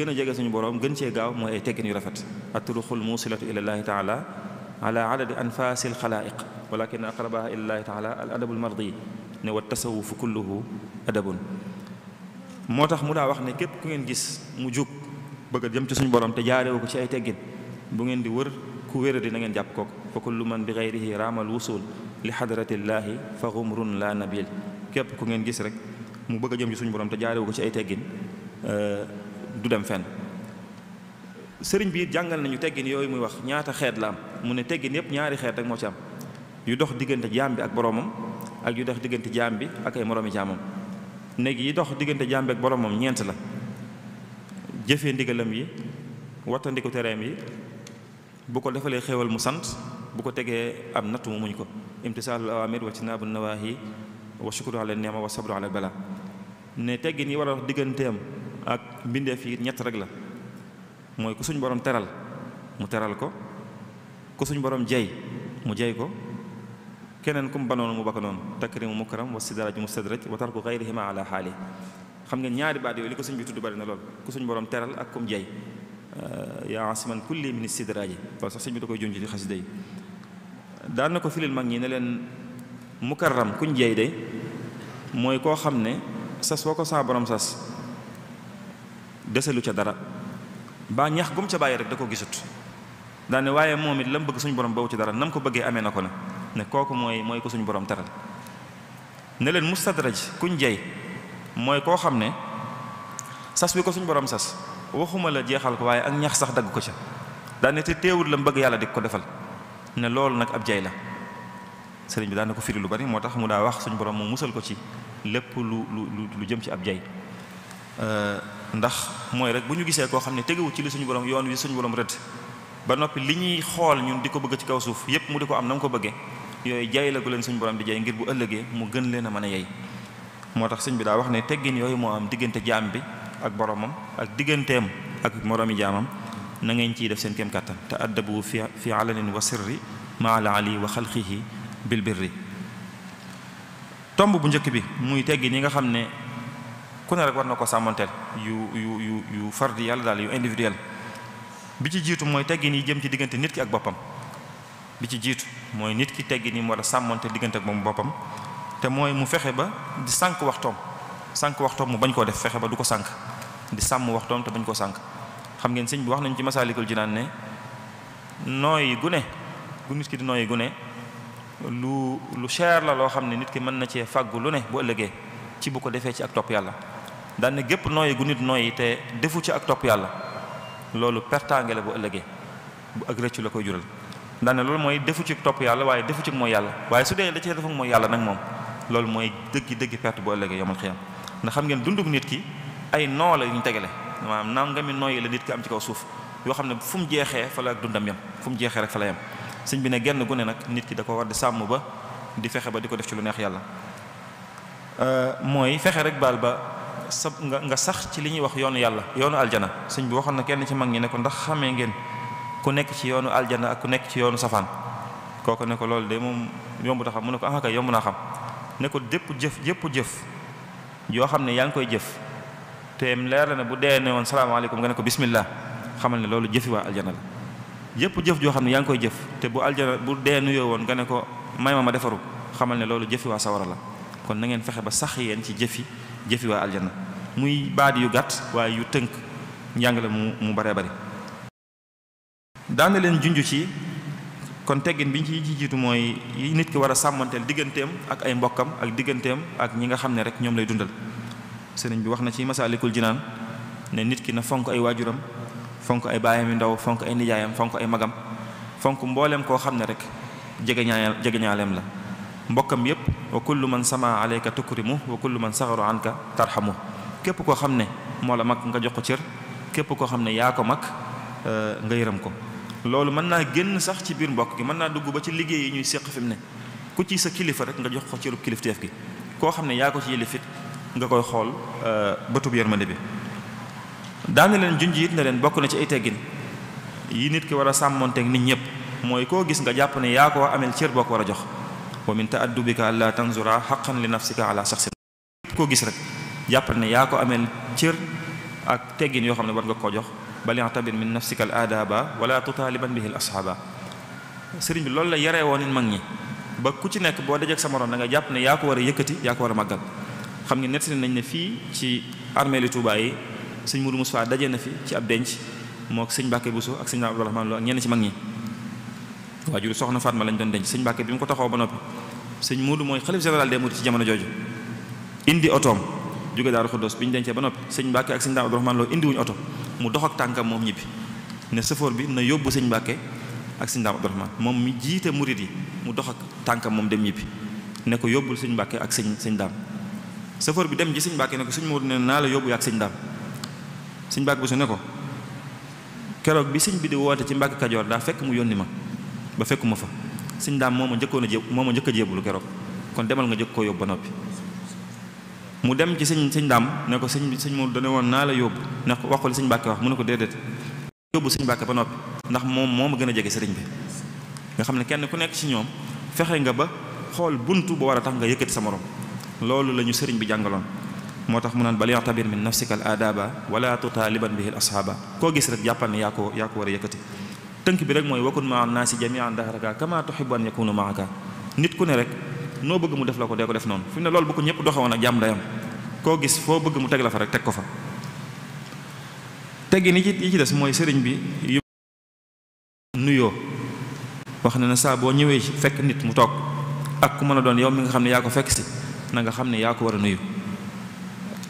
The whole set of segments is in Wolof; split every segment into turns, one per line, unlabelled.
gën a jege suñu boroom gën cee gaaw mooy ay teggin yu rafet atturuqul muusilatu ilallaahi taala ala adadi anfasil xalaaiq walakin aqrabaha ilallaahi taala al adabul mardi ne wa tasawufu kulluhu adabun moo tax mu daa wax ne képp ku ngeen gis mu jóg bëgg a jëm ci suñu borom te jaarewu ko ci ay teggin bu ngeen di wër ku wéradi na ngeen jàpp kooku fa kullu man bi gayrihi raamal wusul li xadratillaahi fa xumrun la nabil képp ku ngeen gis rek mu bëgg jëm suñu borom te jaarewu ko ci ay teggin du dem fenn sëriñ bi jàngal nañu teggin yooyu muy wax ñaata xeet la am mu ne teggin yëpp ñaari xeet rek moo ci am yu dox diggante jaam bi ak boroomam ak yu dox diggante jaam bi ak ay moromi néeg yi dox diggante jaam bi ak ñeent la jëfee ndigalam yi wattandiku tereem yi bu ko defalee xéewal mu sant bu ko tegee am nattu mu muñ ko imtisaalul awaamir wa tinaabu nawaahi wa shukru ala neema wa sabru ala bala ne teggin yi war a dox digganteem ak mbindeef yi ñett rek la mooy ku suñ borom teral mu teral ko ku suñ borom jey mu jey ko keneen ku mu banoon mu bakk noonu takrimu mukram wa sidraj mustadraj wa tarku gayrihima ala xaali xam ngeen ñaari baat yooyu li ko suñ bi tudd bari na lool ku suñ borom teral ak kum jey yaa asiman kulli min sidraji loolu sax suñ bi da koy junj ci xasida yi daan na ko filil mag ñi ne leen mukarram kuñ jey day mooy koo xam ne sas woo ko saa borom sas deselu ca dara ba ñax gum ca bàyyi rek da ko gisut daane waaye moom it la mu bëgg suñu borom bawu ci dara nam ko bëggee amee na ko na ne kooku mooy mooy ko suñu borom teral ne leen mustadraj kuñ jey mooy koo xam ne sas ko suñu borom sas waxuma la jeexal ko waaye ak ñax sax dagg ko ca daane te teewul la mu bëgg yàlla di ko defal ne loolu nag ab jey la sëriñ bi daane ko firi lu bari moo tax mu daa wax suñu borom mu musal ko ci lépp lu lu lu jëm ci ab jey euh, ndax mooy rek bu ñu gisee koo xam ne tegewut ci li suñu borom yoon wi suñu borom rëdd ba noppi li ñuy xool ñun di ko bëgg ci kaw suuf yépp mu di ko am na mu ko bëggee yooyu jaay la ko leen suñu borom di leen a a yey moo tax sëñ bi daa wax ne teggin yooyu moo am diggante jaam bi ak boromam ak digganteem ak moroomi jaamam na ngeen ciy def seen kéem kattan te addabu fi fi alanin wa sirri maal ali wa xalqihi bil birri tomb bu njëkk bi muy teggin yi nga xam ne ku ne rek war na ko sàmmanteel yu yu yu yu fardi yàlla daal yu individuel bi ci jiitu mooy teggi nii jëm ci diggante nit ki ak boppam bi ci jiitu mooy nit ki teggin nii mu war a sàmmante diggante ak moom boppam te mooy mu fexe ba di sànq waxtoom sànq waxtoom mu bañ koo def fexe ba du ko sànq di sàmm waxtoom te bañ koo sànq xam ngeen sëñ bi wax nañ ci masaalikul jinaan ne nooyi gune gu nit ki di nooyi gune lu lu cher la loo xam ne nit ki mën na cee fàggu lu ne bu ci bu ko defee ci ak yàlla daan ne gépp nooyi gu nit nooyi te defu ci ak topp yàlla loolu pertaange la bu ëllëgee bu ak ci la koy jural daan ne loolu mooy defu ci topp yàlla waaye defu ci mooy yàlla waaye su dee da cee defu mooy yàlla nag moom loolu mooy dëggi dëggi perte bu ëllëgee yomal xiyam ndax xam ngeen dundug nit ki ay noo la yu ñu tegale maanaam nangami nooyi la nit ki am ci kaw suuf yoo xam ne fu mu jeexee fa la ak dundam yem fu mu jeexee rek fa la yem sëñ bi ne genn gu ne nag nit ki da ko war di sàmm ba di fexe ba di ko def ci lu neex yàlla euh, mooy fexe rek baal ba sa nga sax ci li ñuy wax yoonu yàlla yoonu aljana sëñ bi waxoon na kenn ci mag ñi ne ko ndax xamee ngeen ku nekk ci yoonu aljana ak ku nekk ci yoonu safaan kooku ne ko loolu de moom yomb ta mu ne ko ah kay yomb naa xam ne ko dépp jëf jëpp jëf yoo xam ne yaa ngi koy jëf te leer la bu dee ne woon salaamaaleykum nga ne ko bismillah xamal ne loolu jëfi waa aljana la jëpp jëf joo xam ne yaa ngi koy jëf te bu aljana bu dee nuyoo woon nga ne ko may ma ma defaru xamal ne loolu jëfi waa sawara la kon na fexe ba sax yeen ci jëfi jëfi waa muy baat yu gàtt waaye yu tënk njàng la mu mu bare bari daana leen junj ci kon teggin bi ñu ci jiitu mooy yi nit ki war a sàmmanteel digganteem ak ay mbokkam ak digganteem ak ñi nga xam ne rek ñoom lay dundal sëriñ bi wax na ci masaalikul jinaan ne nit ki na fonk ay waajuram fonk ay baayam yu ndaw fonk ay nijaayam fonk ay magam fonk mbooleem koo xam ne rek jegeñaayal jegeñaaleem la mbokkam yépp wa kullu man sama alayka tukrimu wa kullu man saxaru anka tarxamu képp koo xam ne moo la mag nga jox ko cër képp koo xam ne yaa ko mag euh, nga yërëm ko loolu mën naa génn sax ci biir mbokk gi mën naa dugg ba ci liggéey yi ñuy séq fi ne ku ci sa kilifa rek nga jox ko cërub kilifteef gi koo xam ne yaa ko ci yilifit nga koy xool euh, bëtub yërmande bi daana leen junj it na leen bokk na ci ay teggin yi nit ki war a sàmmonteeg nit ñëpp mooy koo gis nga jàpp ne yaa ko amel cër boo ko war a jox wa min ta'addubika alla tanzura haqqan li nafsika ala koo gis rek jàppal na yaa ko ameel cër ak teggin yoo xam ne war nga koo jox bal i'tabir min nafsika al aadaba wala tutaaliban bihi al ashaaba sëriñ bi loolu la yaree woon mag ñi ba ku ci nekk boo dajek sa morom da nga jàpp ne yaa ko war a yëkkati yaa ko war a màggal xam nga nettali nañ ne fii ci armée li Touba yi sëñ Mourou Moussa daje na fi ci ab denc moo suñ sëñ bu Bousso ak sëñ Abdourahmane Lo ak ñenn ci mag ñi waajur soxna ma lañ doon denc sëñ Mbàkke bi mu ko taxaw ba noppi sëñ Muudu mooy xalif général des Mourides ci jamono jooju indi otoom jóge Daaru Xuddoos bi ñu dencee ba noppi sëñ Mbàkke ak sëñ Daam Abdourahmane Lo indi wuñu oto mu dox ak tànkam moom ñibbi ne sëfoor bi na yóbbu sëñ Mbàkke ak sëñ Daam Abdourahmane moom mi jiite murit mu dox ak tànkam moom dem ñibbi ne ko yóbbul sëñ Mbàkke ak sëñ sëñ Daam sëfoor bi dem ji sëñ Mbàkke ne ko sëñ Muudu ne la yóbbu ak sëñ Daam sëñ Mbàkke bu su ne ko keroog bi sëñ bi di woote ci Mbàkke Kajoor daa fekk mu yónni ma ba fekkuma fa sëñ daam moom a njëkkoon a jé moom ma njëkk a jébbalu keroog kon demal nga njëkk koo yóbbu ba noppi mu dem ci sëñ sëñ daam ne ko sëñ sëñ Moodu dane woon naa la yóbbu ne ko wax ko sëñ Mbàkke wax mu ne ko déedéet yóbbu sëñ Mbàkke ba noppi ndax moom moo ma gën a jege sëriñ bi nga xam ne kenn ku nekk ci ñoom fexe nga ba xool buntu bu war a tax nga yëkkati sa morom loolu la ñu sëriñ bi jàngaloon moo tax mu naan bal yaxtabir min nafsika al aadaba wala tutaaliban bihi al ashaaba koo gis rek jàppal ne yaa ko yaa ko war a yëkkati tënk bi rek mooy wakun maa naasi jamian dahraka kama tuhibu an yakunu maaka nit ku ne rek noo bëgg mu def la ko dee ko def noonu fi mu ne loolu bu ko ñëpp doxewoon ak jàmm day am koo gis foo bëgg mu teg rek teg ko fa ni ci yi ci des mooy sëriñ bi nuyoo wax na ne saa boo ñëwee fekk nit mu toog ak ku mën a doon yow mi nga xam ne yaa ko fekk si na nga xam ne yaa ko war a nuyu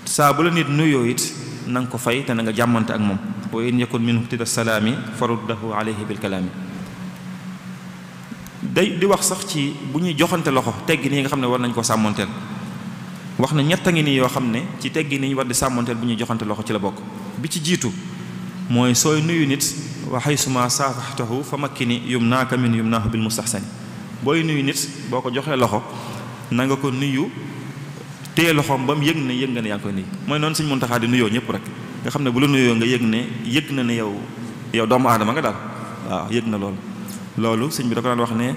saa la nit nuyoo it na ko fay te na nga jàmmante ak moom wa in yakun minhu tida salaami faruddahu alayhi bilkalaami day di wax sax ci bu ñuy joxante loxo teggi nii nga xam ne war nañ koo sàmmonteel wax na ñett a ngi nii yoo xam ne ci teggi nii war di sàmmonteel bu ñuy joxante loxo ci la bokk bi ci jiitu mooy sooy nuyu nit wa haysuma saafaxtahu fa makkini yumnaaka min yumnaahu bil mustaxsani booy nuyu nit boo ko joxee loxo na nga ko nuyu téye loxoom ba mu yëg ne yëg nga ne yaa ngi koy nuyu mooy noonu di nuyoo ñëpp rek nga xam ne bu la nuyoo nga yëg ne yëg na ne yow yow doomu aadama nga daal waaw yëg na lool loolu sëñ bi da ko daan wax ne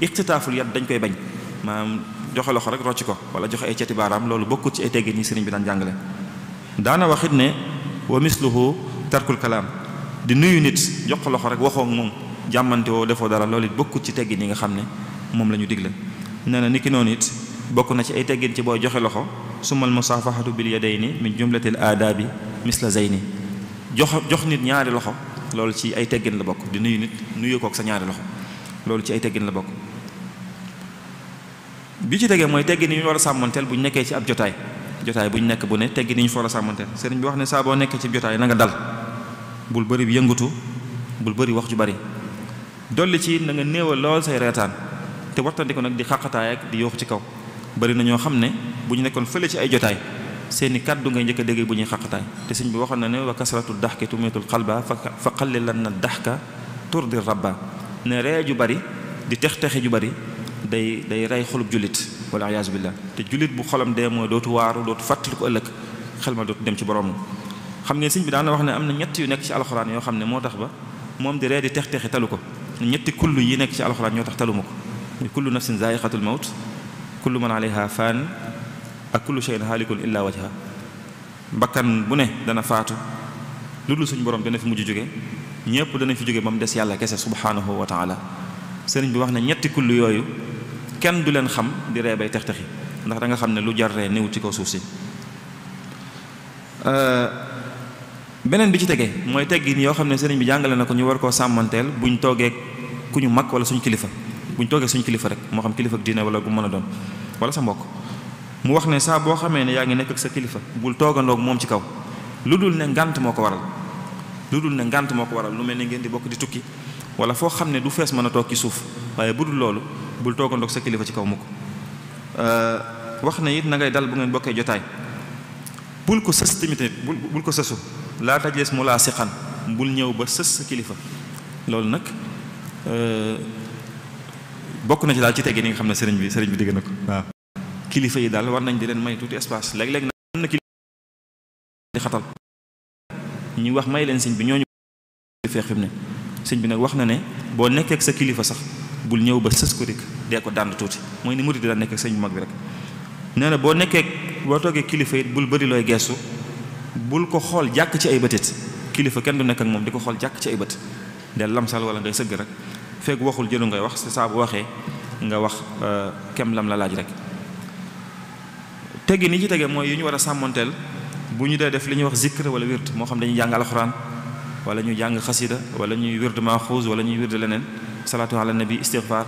ixtitaaful yat dañ koy bañ maanaam joxe loxo rek rocc ko wala joxe ay cati baaraam loolu bokkut ci ay teggin yi bi daan jàngale daana waxit ne wa misluhu tarkul kalaam di nuyu nit jox ko loxo rek waxoo moom jàmmante woo defoo dara loolu it ci teggin yi nga xam ne moom la ñu digle nee na niki noonu it bokk na ci ay teggin ci booy joxe loxo summa almusaafahatu bil yadayni min jumlati al aadaabi misla zeyni jox jox nit ñaari loxo loolu ci ay teggin la bokk di nuyu nit nuyu kook sa ñaari loxo loolu ci ay teggin la bokk bi ci tegee mooy teggin yu ñu war a sàmmanteel bu ñu nekkee ci ab jotaay jotaay bu ñu nekk bu ne teggin yi ñu fa war a sàmmanteel sëriñ bi wax ne saaboo boo nekkee ci jotaay na dal bul bëri bi bul bari wax ju bëri dolli ci na nga néewal lool say reetaan te wartandi ko nag di xaqataay di yooxu ci kaw bari na ñoo xam ne bu ñu nekkoon fële ci ay jotaay seeni kàddu ngay njëkk a dégg bu ñuy xaqataay te siñ bi waxoon na ne wa kasratu daxki tumitul xalba fa xallilan na daxka turdi rabba ne ree ju bari di tex texe ju bari day day rey xolub jullit wala ayaasu billah te jullit bu xolam dee mooy dootu waaru dootu fàttali ko ëllëg xel ma dootu dem ci borom xam ne sëñ bi daana wax ne am na ñett yu nekk ci alxuraan yoo xam ne moo tax ba moom di ree di tex texe talu ko ñetti kullu yi nekk ci alxuraan ñoo tax taluma ko kullu nafsin zaiqatul mawt kullu man alayha faan ak kullu shay'in haalikun illa wajha bakkan bu ne dana faatu lu dul suñu borom dana fi mujj jóge ñépp dana fi jóge ba mu des yàlla kese subhaanahu wa taala sëriñ bi wax na ñetti kullu yooyu kenn du leen xam di ree bay tex texi ndax danga xam ne lu jar ree néew ci ko suuf si euh, beneen bi ci tege mooy teggin yoo xam ne sëriñ bi jàngale na ko ñu war koo sàmmanteel buñ toogee ku ñu mag wala suñu kilifa buñ toogee suñu kilifa rek moo xam kilifa ak diine wala gu mën a doon wala sa mbokk mu wax ne saa boo xamee ne yaa ngi nekk ak sa kilifa bul toogandoog moom ci kaw lu dul ne ngànt moo ko waral lu dul ne ngànt moo ko waral lu mel ni ngeen di bokk di tukki wala foo xam ne du fees mën a toog ci suuf waaye bu dul loolu bul toogandoog sa kilifa ci kaw mukk euh, wax ne it na ngay dal bu ngeen bokkee jotaay bul ko sës tamit bul bul ko sësu laa tajlis mu laa siqan bul ñëw ba sës sa kilifa loolu nag euh, bokk na ci daal ci teggin yi nga xam ne sëriñ bi sëriñ bi dégg na ko waaw kilifa yi daal war nañ di leen may tuuti espace léeg-léeg na am na wax may leen sëñ bi ñooñu feex fi ne sëñ bi nag wax na ne boo nekkeek sa kilifa sax bul ñëw ba sës ko dikk dee ko dànd tuuti mooy ni murid di daan nekk sëñ bu mag bi rek nee na boo nekkee boo toogee kilifa it bul bari looy geestu bul ko xool jàkk ci ay bëtit kilifa kenn du nekk moom di ko xool jàkk ci ay bët del lamsal wala ngay sëgg rek feeg waxul jëlu ngay wax si saa bu waxee nga wax euh, kem lam la laaj rek teggi ni ci tegee mooy yu ñu war a sàmmonteel bu ñu dee def li ñuy wax zikr wala wird moo xam dañuy jàng alxuraan wala ñu jàng xasida wala ñuy wird maaxuus wala ñuy wird leneen salaatu ala nabi istighfar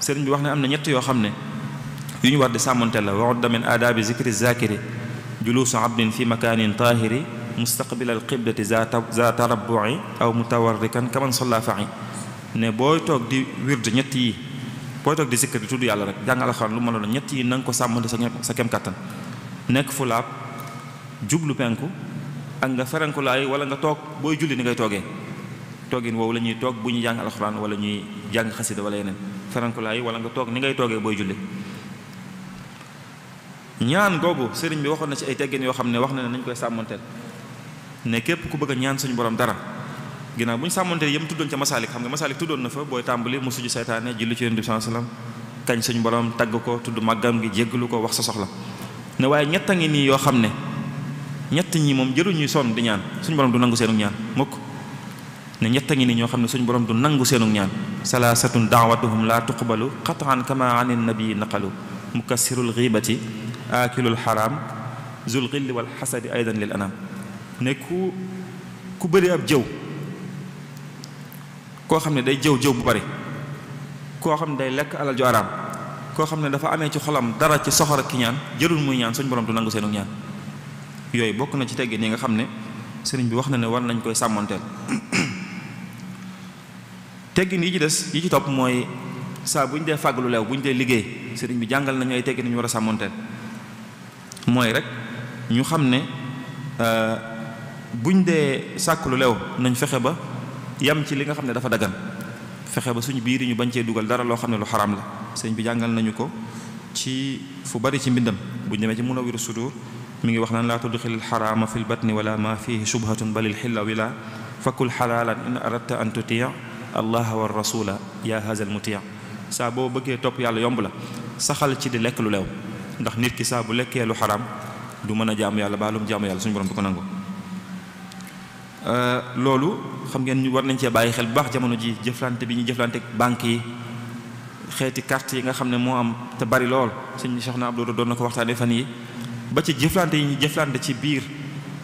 sëriñ bi wax ne am na ñett yoo xam ne yu ñu war di sàmmonteel la waudda min aadaabi zikri zakiri juluusu abdin fi makanin taahiri mustaqbilal qiblati za tarabbu'i aw mutawarrikan kaman solla fa'i ne booy toog di wird ñett yi booy toog di sikkar di tudd yàlla rek jàng alxuraan lu ma la ñett yi na nga ko sàmmante sa sa kem kattan nekk fu laab jublu penku ak nga ferenku laay wala nga toog booy julli ni ngay toogee toogin woowu la ñuy toog bu ñu jàng alxuraan wala ñuy jàng xasida wala yeneen ferenku laay wala nga toog ni ngay toogee booy julli ñaan googu sëriñ bi waxoon na ci ay teggin yoo xam ne wax na ne nañ koy sàmmanteel ne képp ku bëgg a ñaan suñu borom dara ginnaaw bu ñu sàmmantee yëm tuddoon ca masaalik xam nga masaalik tuddoon na fa booy tàmbali musu ji saytaane julli ci yonent bi sallam tagg ko tudd màggam gi jéggalu ko wax sa soxla ne waaye ñett a nii yoo xam ne ñett ñi moom jëruñuy sonn di ñaan suñu borom du nangu seenu ñaan mukk ne ñett a ngi ñoo xam ne suñu borom du nangu seenu ñaan salaasatun daawatuhum laa tuqbalu qatan kama an nabii naqalu mukassirul ghibati aakilul haram zul ghilli wal hasadi aidan lil anam ne ku ku bëri ab jëw koo xam ne day jëw jëw bu bari koo xam ne day lekk alal ju koo xam ne dafa amee ci xolam dara ci soxor ak ki ñaan jërul muy ñaan suñ borom du nangu seenu ñaan yooyu bokk na ci teggin yi nga xam ne sëriñ bi wax na ne war nañ koy sàmmoonteel teggin yi ci des yi ci topp mooy saa bu ñu dee fàgg lu leew bu ñu dee liggéey sëriñ bi jàngal nañu ay teggin ñu war a sàmmoonteel mooy rek ñu xam ne euh, bu ñu dee sàkk lu leew nañ fexe ba yam ci li nga xam ne dafa dagan fexe ba suñu biir yi ñu bañ cee dugal dara loo xam ne lu xaraam la sëñ bi jàngal nañu ko ci fu bari ci mbindam buñu demee ci Munawwirus Sudur mi ngi wax naan laa tudxil xaraama fi lbatni wala ma fihi shubhatun balil xilla wila fakul xalaalan in aradta an tutia allah wa rasula ya haza al mutia saa boo bëggee topp yàlla yomb la saxal ci di lekk lu leew ndax nit ki saa bu lekkee lu xaraam du mën a jaamu yàlla baalum jaamu yàlla suñu borom du ko nangu Euh, loolu xam ngeen ñu war nañ cee bàyyi xel bu baax jamono ji jëflante bi ñu jëflante banque yi xeeti carte yi nga xam ne moo am te bari lool sëñ Soxna doo doon na ko waxtaanee fan yi ba ci jëflante yi ñu jëflante ci biir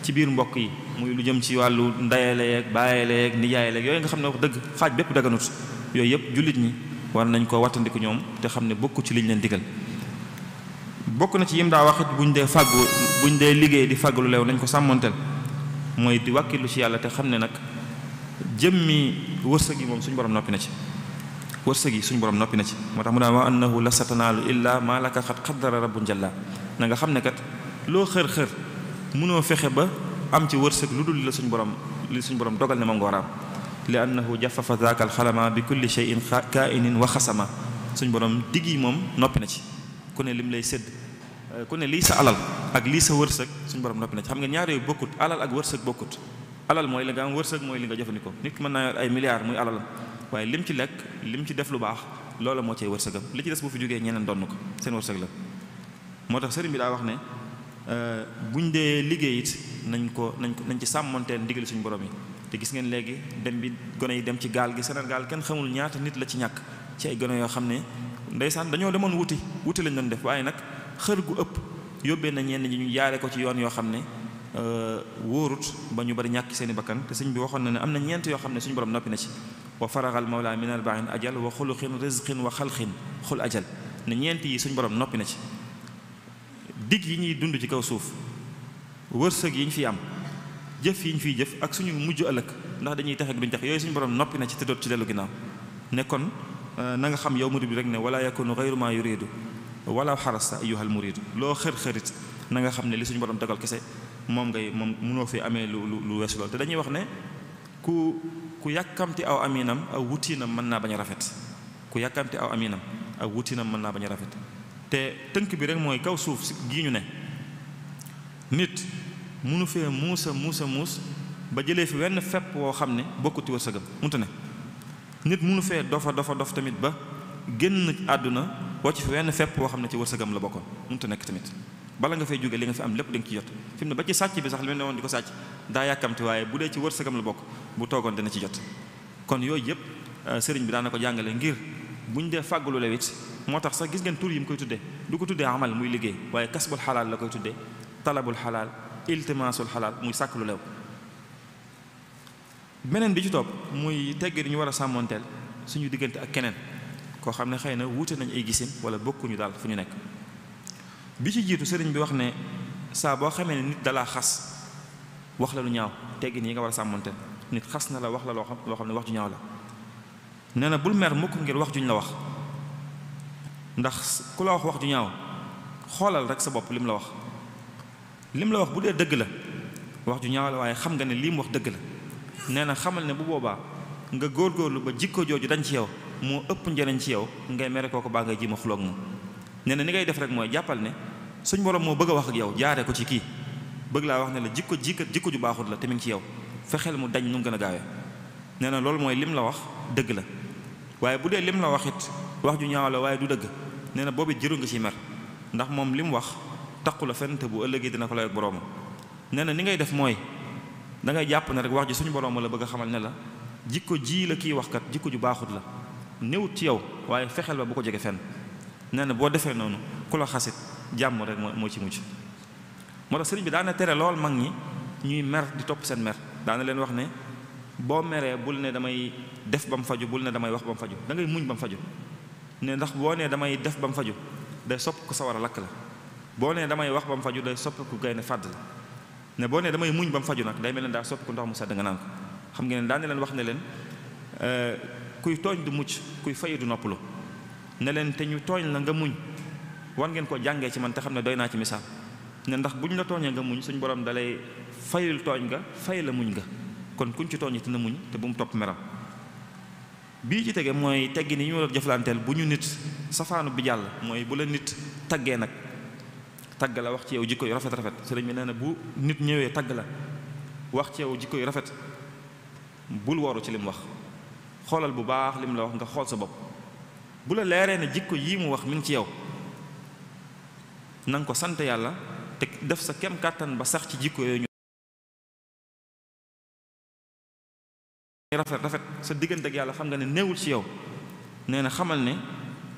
ci biir mbokk yi muy lu jëm ci wàllu ndayale yeeg bàyyale yeeg nijaayale yeeg yooyu nga xam ne wax dëgg xaaj bépp daganut yooyu yëpp jullit ñi war nañ koo wattandiku ñoom te xam ne bokku ci liñ leen digal bokk na ci yim daa waxit buñ dee fàggu buñ dee liggéey di fàggu lu nañ ko sàmmonteel mooy di wàkkilu ci yàlla te xam ne nag jëmmi wërsëg yi moom suñu borom noppi na ci wërsëg yi suñu borom noppi na ci moo tax mu daan wa annahu la satanaalu illa maa laka xat xaddara rabbun jalla na nga xam ne kat loo xër-xër mënoo fexe ba am ci wërsëg lu dul la suñu borom li suñu borom dogal ne moom nga war a am li annahu jafafa zaaka alxalama bi kulli cheyin kainin wa xasama suñu borom digg yi moom noppi na ci ku ne lim lay sedd Euh, ku ne lii sa alal ak lii sa wërsëg suñu borom noppi na ci xam nga ñaar bokkut alal ak wërsëg bokkut alal mooy li nga am wërsëg mooy li nga jëfandikoo nit ki mën naa yor ay milliards muy alal waaye lim ci lekk lim ci def lu baax loola moo cay wërsëgam li ci des boo fi jógee ñeneen donn ko seen wërsëg la moo tax sëriñ bi daa wax ne euh, buñ dee liggéey it nañ ko nañ ko nañ ci sàmmanteel ndigali suñu borom yi te gis ngeen léegi dem bi gone yi dem ci gaal gi Sénégal kenn xamul ñaata nit la ci ñàkk ci gone yoo xam ne ndeysaan dañoo demoon wuti wuti lañ doon def waaye nag xër gu ëpp yóbbee na ñenn ñi ñu jaare ko ci yoon yoo xam ne euh, wóorut ba ñu bari ñàkk seeni bakkan te sëñ bi waxoon na ne am na ñeent yoo xam ne suñ borom noppi na ci wa faraxal mawla min arba'in ajal wa xuluqin rizqin wa xalqin xul ajal ne ñeent yi suñu borom noppi na ci digg yi ñuy dund ci kaw suuf wërsëg yi ñu fi am jëf yi ñu fiy jëf ak suñu mujj ëllëg ndax dañuy tax ak duñ tax yooyu suñu borom noppi na ci te doot ci dellu ginnaaw ne kon euh, na nga xam yow mu bi rek ne wala yakunu ghayru yu yuridu xaral wala xarasta ayyuhal murid loo xër-xërit na nga xam ne li suñu borom tegal kese moom ngay moom munoo fi amee lu lu weesu lool te dañuy wax ne ku ku yàkkamti aw aminam aw wutiinam mën naa bañ a rafet ku yàkkamti aw aminam aw wutiinam mën naa bañ a rafet te tënk bi rek mooy kaw suuf si gii ñu ne nit mënu fee muusa muusa muus ba jëlee fi wenn fepp woo xam ne bokkuti wërsëgam munta ne nit munu fee dofa dofa dof tamit ba génn àdduna wàcc fi wenn fepp boo xam ne ci wërsëgam la bokkoon mënut a nekk tamit bala nga fay jóge li nga fi am lépp da nga ci jot fi mu ne ba ci sàcc bi sax li mel ne woon di ko sàcc daa yàkkamti waaye bu dee ci wërsëgam la bokk bu toogoon dana ci jot kon yooyu yëpp euh, sëriñ bi daana ko jàngale ngir bu ñu dee fàggulu lewit moo tax sax gis ngeen tur yi mu koy tuddee du ko tuddee amal muy liggéey waaye kasbul xalaal la koy tuddee talabul xalaal iltimaasul xalaal muy sàkk lu beneen bi ci topp muy tegg ñu war a sàmmoonteel suñu diggante ak keneen koo xam ne xëy na wuute nañ ay gisin wala bokkuñu daal fu ñu nekk bi ci jiitu sëriñ bi wax ne saa boo xamee ne nit dalaa xas wax la lu ñaaw teggin yi nga war a sàmmonte nit xas na la wax la loo xam loo xam ne wax ju la nee na bul mer mukk ngir wax juñ la wax ndax ku la wax wax ñaaw xoolal rek sa bopp lim la wax lim la wax bu dee dëgg la wax ju ñaaw la waaye xam nga ne lii mu wax dëgg la nee na xamal ne bu boobaa nga góor góorlu ba jikko jooju dañ ci yow moo ëpp njëriñ ci yow ngay mere kooku baa ngay jéem ma xuloog moom nee na ni ngay def rek mooy jàppal ne suñ borom moo bëgg a wax ak yow jaaree ko ci kii bëgg laa wax ne la jikko jikat jikko ju baaxut la te mi ngi yow fexeel mu dañ nu mu a gaawee nee na loolu mooy lim la wax dëgg la waaye bu dee lim la wax it wax ju ñaaw la waaye du dëgg nee na boobu jëru nga ci mer ndax li mu wax taqu la fenn bu ëllëgee dina ko lay ak boroomam nee na ni ngay def mooy da ngay jàpp ne rek wax ji suñu borom la bëgg a xamal ne la jikko ji la kii waxkat jikko ju baaxut la néewut ci yow waaye fexeel ba bu ko jege fenn nee na boo defee noonu ku la xasit jàmm rek moo ci mujj moo tax sëriñ bi daana tere lool mag ñi ñuy mer di topp seen mer daana leen wax ne boo meree bul ne damay def ba mu faju bul ne damay wax ba mu faju da ngay muñ ne ndax boo nee damay def ba mu faju day sopp ku sawar lakk la boo nee damay wax ba mu faju day sopp ku gaynde fàdd la ne boo nee damay muñ ba mu faju nag day mel ne daa sopp ku ndox mu sedd nga naan xam ngeen ne daane leen wax ne leen euh, kuy tooñ du mucc kuy fayu du noppalu ne leen te ñu tooñ la nga muñ war ngeen ko jàngee ci man te xam ne doy naa ci misaal ne ndax bu ñu la tooñee nga muñ suñu borom dalay fayul tooñ nga fay la muñ nga kon kuñ ci tooñ te na muñ te bu mu topp meram bii ci tege mooy teggi ni ñu war a jëflanteel bu ñu nit safaanu bi jàll mooy bu la nit taggee nag tagg la wax ci yow jikko yu rafet rafet sëriñ bi nee na bu nit ñëwee tagg la wax ci yow jikko yu rafet bul woru ci li mu wax xoolal bu baax li la wax nga xool sa bopp bu la leeree ne jikko yii mu wax mi ngi ci yow na ko sant yàlla te def sa kem kàttan ba sax ci jikko yooyu rafet rafet sa diggante yàlla xam nga ne néewul ci yow nee na xamal ne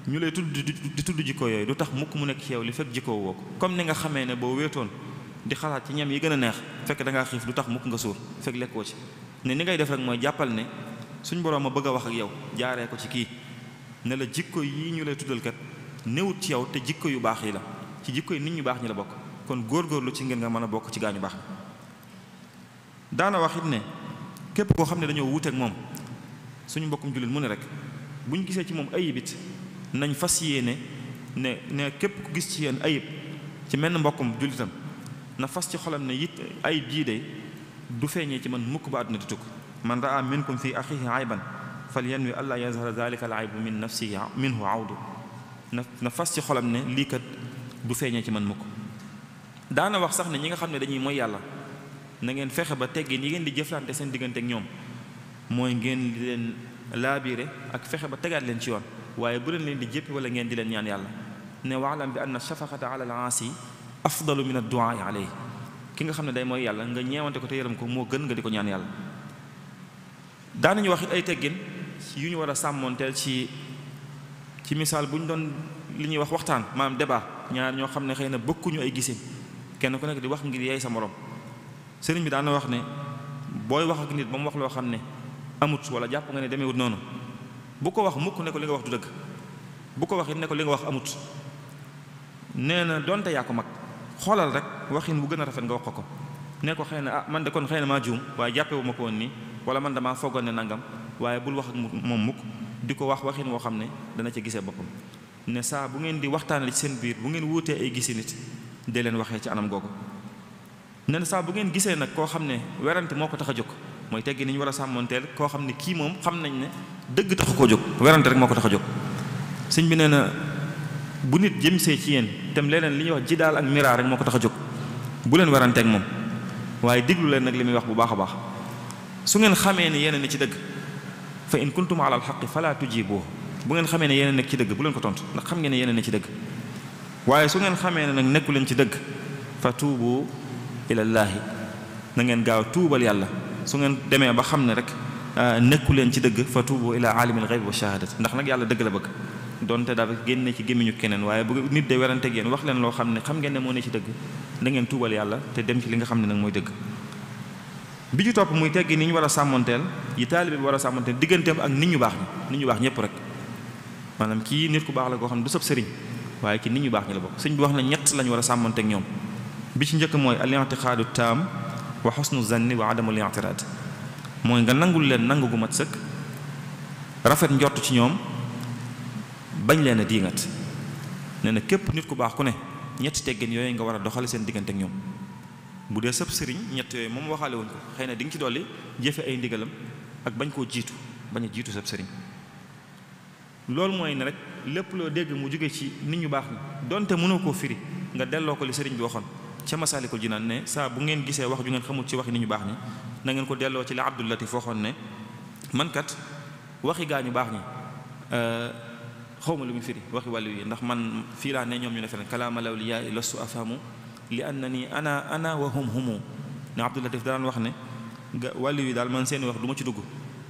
ñu lay tudd di tudd jikko yooyu du tax mukk mu nekk ci yow li fekk jikko woo ko comme ni nga xamee ne boo wéetoon di xalaat ci ñam yi gën a neex fekk dangaa xiif du tax mukk nga suur fekk lekkoo ci ne ni ngay def rek mooy jàppal ne suñ boroom a bëgg a wax ak yow jaaree ko ci kii ne la jikko yi ñu lay tuddalkat kat newut ci yow te jikko yu baax yi la ci jikko yi nit ñu baax ñi la bokk kon góorgóorlu ci ngeen nga mën a bokk ci gaañu baax daana waxit ne képp koo xam ne dañoo wuuteeg moom suñu mbokkum jullit mu ne rek bu ñu gisee ci moom ayib it nañ fas yéene ne ne képp ku gis ci yéen ayib ci menn mbokkum jullitam na fas ci xolam ne it ayib jii de du feeñee ci man mukk ba àdduna di tukk man raa minkum fi axihi ayban falyanwi allaa yazhara dalika al aybu min nafsihi minhu awdu na na fas ci xolam ne lii kat du feeñee ci man ko daana wax sax ne ñi nga xam ne dañuy mooy yàlla na ngeen fexe ba teggin yi ngeen di jëflante seen diggante ñoom mooy ngeen di leen laabiire ak fexe ba tegaat leen ci yoon waaye bu leen leen di jéppi wala ngeen di leen ñaan yàlla ne waalam bi anna shafaqata ala al aasi afdalu min ad duaai alayhi ki nga xam ne day mooy yàlla nga ñeewante ko te yërëm ko moo gën nga di ko ñaan yàlla daanañu wax it ay teggin yu ñu war a sàmmoonteel ci ci misaal bu ñu doon li ñuy wax waxtaan maam débat ñaar ñoo xam ne xëy na bokkuñu ay gisin kenn ku nekk di wax ngir yaay sa morom sëriñ bi daana wax ne booy wax ak nit ba mu wax loo xam ne amut wala jàpp nga ne demeewut noonu bu ko wax mukk ne ko li nga wax du dëgg bu ko wax it ne ko li nga wax amut nee na donte yaa ko mag xoolal rek waxin bu gën a rafet nga wax ko ne ko xëy na ah man de kon xëy na maa juum waaye jàppewuma ko woon nii wala man damaa foogoon ne nangam waaye bul wax ak moom mukk di ko wax waxin woo xam ne dana ca gisee boppam ne saa bu ngeen di waxtaanee ci seen biir bu ngeen wuutee ay gisi nit de leen waxee ci anam googu ne na saa bu ngeen gisee nag koo xam ne werante moo ko tax a jóg mooy teggi ni ñu war a sàmmoonteel koo xam ne kii moom xam nañ ne dëgg taxu koo jóg werante rek moo ko tax a sëñ bi nee na bu nit jëm see ci yéen tam leneen li ñuy wax ji ak miraar rek moo ko tax a jóg bu leen weranteeg moom waaye diglu leen nag li muy wax bu baax a baax su ngeen xamee ne yéen a ci dëgg fa in kuntum ala alxaqi fala tujibu bu ngeen xamee ne yéen a ci dëgg bu leen ko tontu ndax xam ngeen ne yéen a ci dëgg waaye su ngeen xamee ne nag nekku leen ci dëgg fa tuubu ilallaahi na ngeen gaaw tuubal yàlla su ngeen demee ba xam ne rek ah, nekku leen ci dëgg fa tuubu ila alimil xayb wa shahadat ndax nag yàlla dëgg la bëgg donte daal génne ci gémmiñu keneen waaye bu nit de werante ak wax leen loo xam ne xam ngeen ne moo ne ci dëgg na ngeen tuubal yàlla te dem ci li nga xam ne nag mooy dëgg bi ci topp muy teggi ni ñu war a sàmmoonteel yi taalibe bi war a sàmmoonteel digganteem ak nit ñu baax ñi nu ñu baax ñëpp rek maanaam kii nit ku baax la goo xam ne du sab sëriñ waaye kii nit ñu baax ñi la bokk sëñ bi wax na ñett lañu war a sàmmonteeg ñoom bi ci njëkk mooy al-i'tiqaadu taam wa husnu zanni wa adamul i'tiraad mooy nga nangul leen nangu gu mat sëkk rafet njort ci ñoom bañ leen a diingat nee na képp nit ku baax ku ne ñetti teggin yooyu nga war a seen diggante ñoom bu dee sëb sëriñ ñett yooyu moom waxaale woon ko xëy na di nga ci dolli jëfe ay ndigalam ak bañ koo jiitu bañ jiitu sëb sëriñ loolu mooy ne rek lépp loo dégg mu jóge ci nit ñu baax ni donte mënoo koo firi nga delloo ko li sëriñ bi waxoon ca Masaalikul Jinaan ne saa bu ngeen gisee wax ju ngeen xamul ci wax nit ñu baax ni na ngeen ko delloo ci la Abdul Latif waxoon ne man kat waxi gaa ñu baax ñi euh, xawma lu muy firi waxi wàllu yi ndax man fii laa ne ñoom ñu ne feneen kalaama lawliyaa lastu afhamu li nii ana ana wa hum humu ne Abdul Latif daan wax ne ga wàllu wi daal man seeni wax du ma ci dugg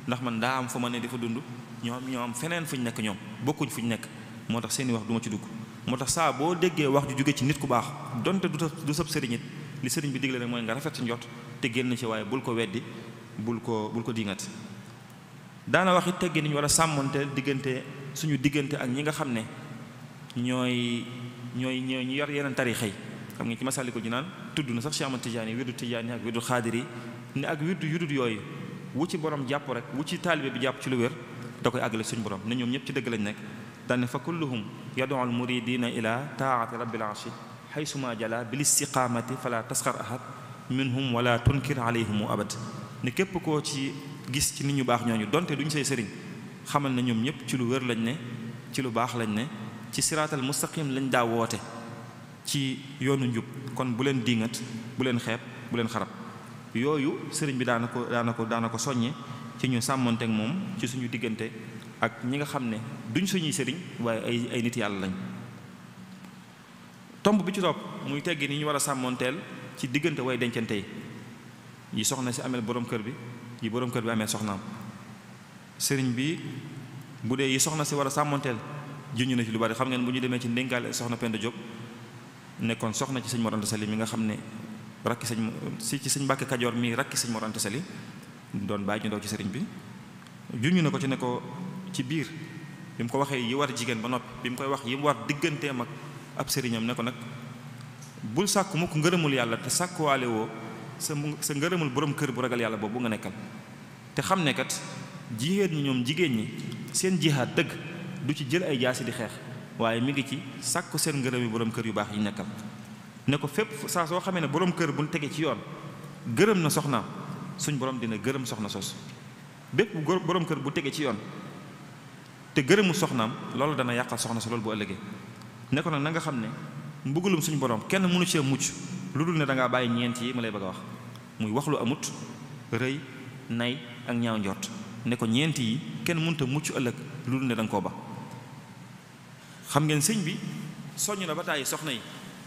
ndax man daa am fa ma ne dafa dund ñoo am am feneen fu ñu nekk ñoom bokkuñ fu ñu nekk moo tax seeni wax du ci dugg moo tax saa boo déggee wax ju jóge ci nit ku baax donte du du sab sëriñ it li sëriñ bi digle rek mooy nga rafet ci njot te génn ci waaye bul ko weddi bul ko bul ko dingat daana wax it teggi niñu war a sàmmante diggante suñu diggante ak ñi nga xam ne ñooy ñooy ñooy ñu yor yeneen tarixa yi xam nga ci Masaalikul Jinaan tudd na sax Cheikh Ahmad Tidiane wirdu Tidiane ak wirdu xaadir ne ak wirdu yudut yooyu wu ci borom jàpp rek wu ci taalibe bi jàpp ci lu wér da koy àggale suñu borom ne ñoom ñëpp ci dëgg lañ nekk daane fa kulluhum yad'u al muridina ila taati rabbil arshi xaysuma jala bil istiqaamati fala tasxar ahad minhum wala tunkir alayhim abad ne képp koo ci gis ci nit ñu baax ñooñu donte duñ say sëriñ xamal na ñoom ñëpp ci lu wér lañ ne ci lu baax lañ ne ci siraatal mustaqim lañ daa woote ci yoonu njub kon bu leen diingat bu leen xeeb bu leen xarab yooyu sëriñ bi daana ko daana ko daana ko soññe ci ñu sàmmoonteek moom ci suñu diggante ak ñi nga xam ne duñ suñuy sëriñ waaye ay ay nit yàlla lañ tomb bi ci topp muy teggi ni ñu war a sàmmonteel ci diggante way dencante yi yi soxna si ameel borom kër bi yi boroom kër bi amee soxnaam sëriñ bi bu dee yi soxna si war a sàmmonteel junj na ci lu bari xam ngeen bu ñu demee ci ndénkaale soxna Penda Diop nekkoon soxna ci sëñ Mor Anta Sali mi nga xam ne rakki sañ si ci sëñ Mbàkke Kajoor mi rakki sëñ Mor Anta Sali doon bàyyi ñu ndaw ci sëriñ bi juñu na ko ci ne ko ci biir bi mu ko waxee yi war jigéen ba noppi bi mu koy wax yi mu war digganteem ak ab sëriñam ne ko nag bul sàkku mukk ngërëmul yàlla te sàkkuwaale woo sa mu sa ngërëmul borom kër bu ragal yàlla boobu nga nekkal te xam ne kat jigéen ñi ñoom jigéen ñi seen jihaad dëgg du ci jël ay jaasi di xeex waaye mi ngi ci sàkku seen ngërëm yi boroom kër yu baax yi nekkal ne ko fépp saa soo xamee ne boroom kër bu ñu tege ci yoon gërëm na soxnaam suñ borom dina gërëm soxna sos bépp borom kër bu tege ci yoon te gërëmu soxnaam loolu dana yàqal soxna sa bu ëllëgee ne ko nag na nga xam ne mbugalum suñ borom kenn mënu cee mucc lu dul ne da ngaa bàyyi ñeent yi ma lay bëgg a wax muy wax lu amut rëy nay ak ñaaw njort ne ko ñeent yi kenn mënut a mucc ëllëg lu ne da koo ba xam ngeen sëñ bi soññ la ba tàyyi soxna yi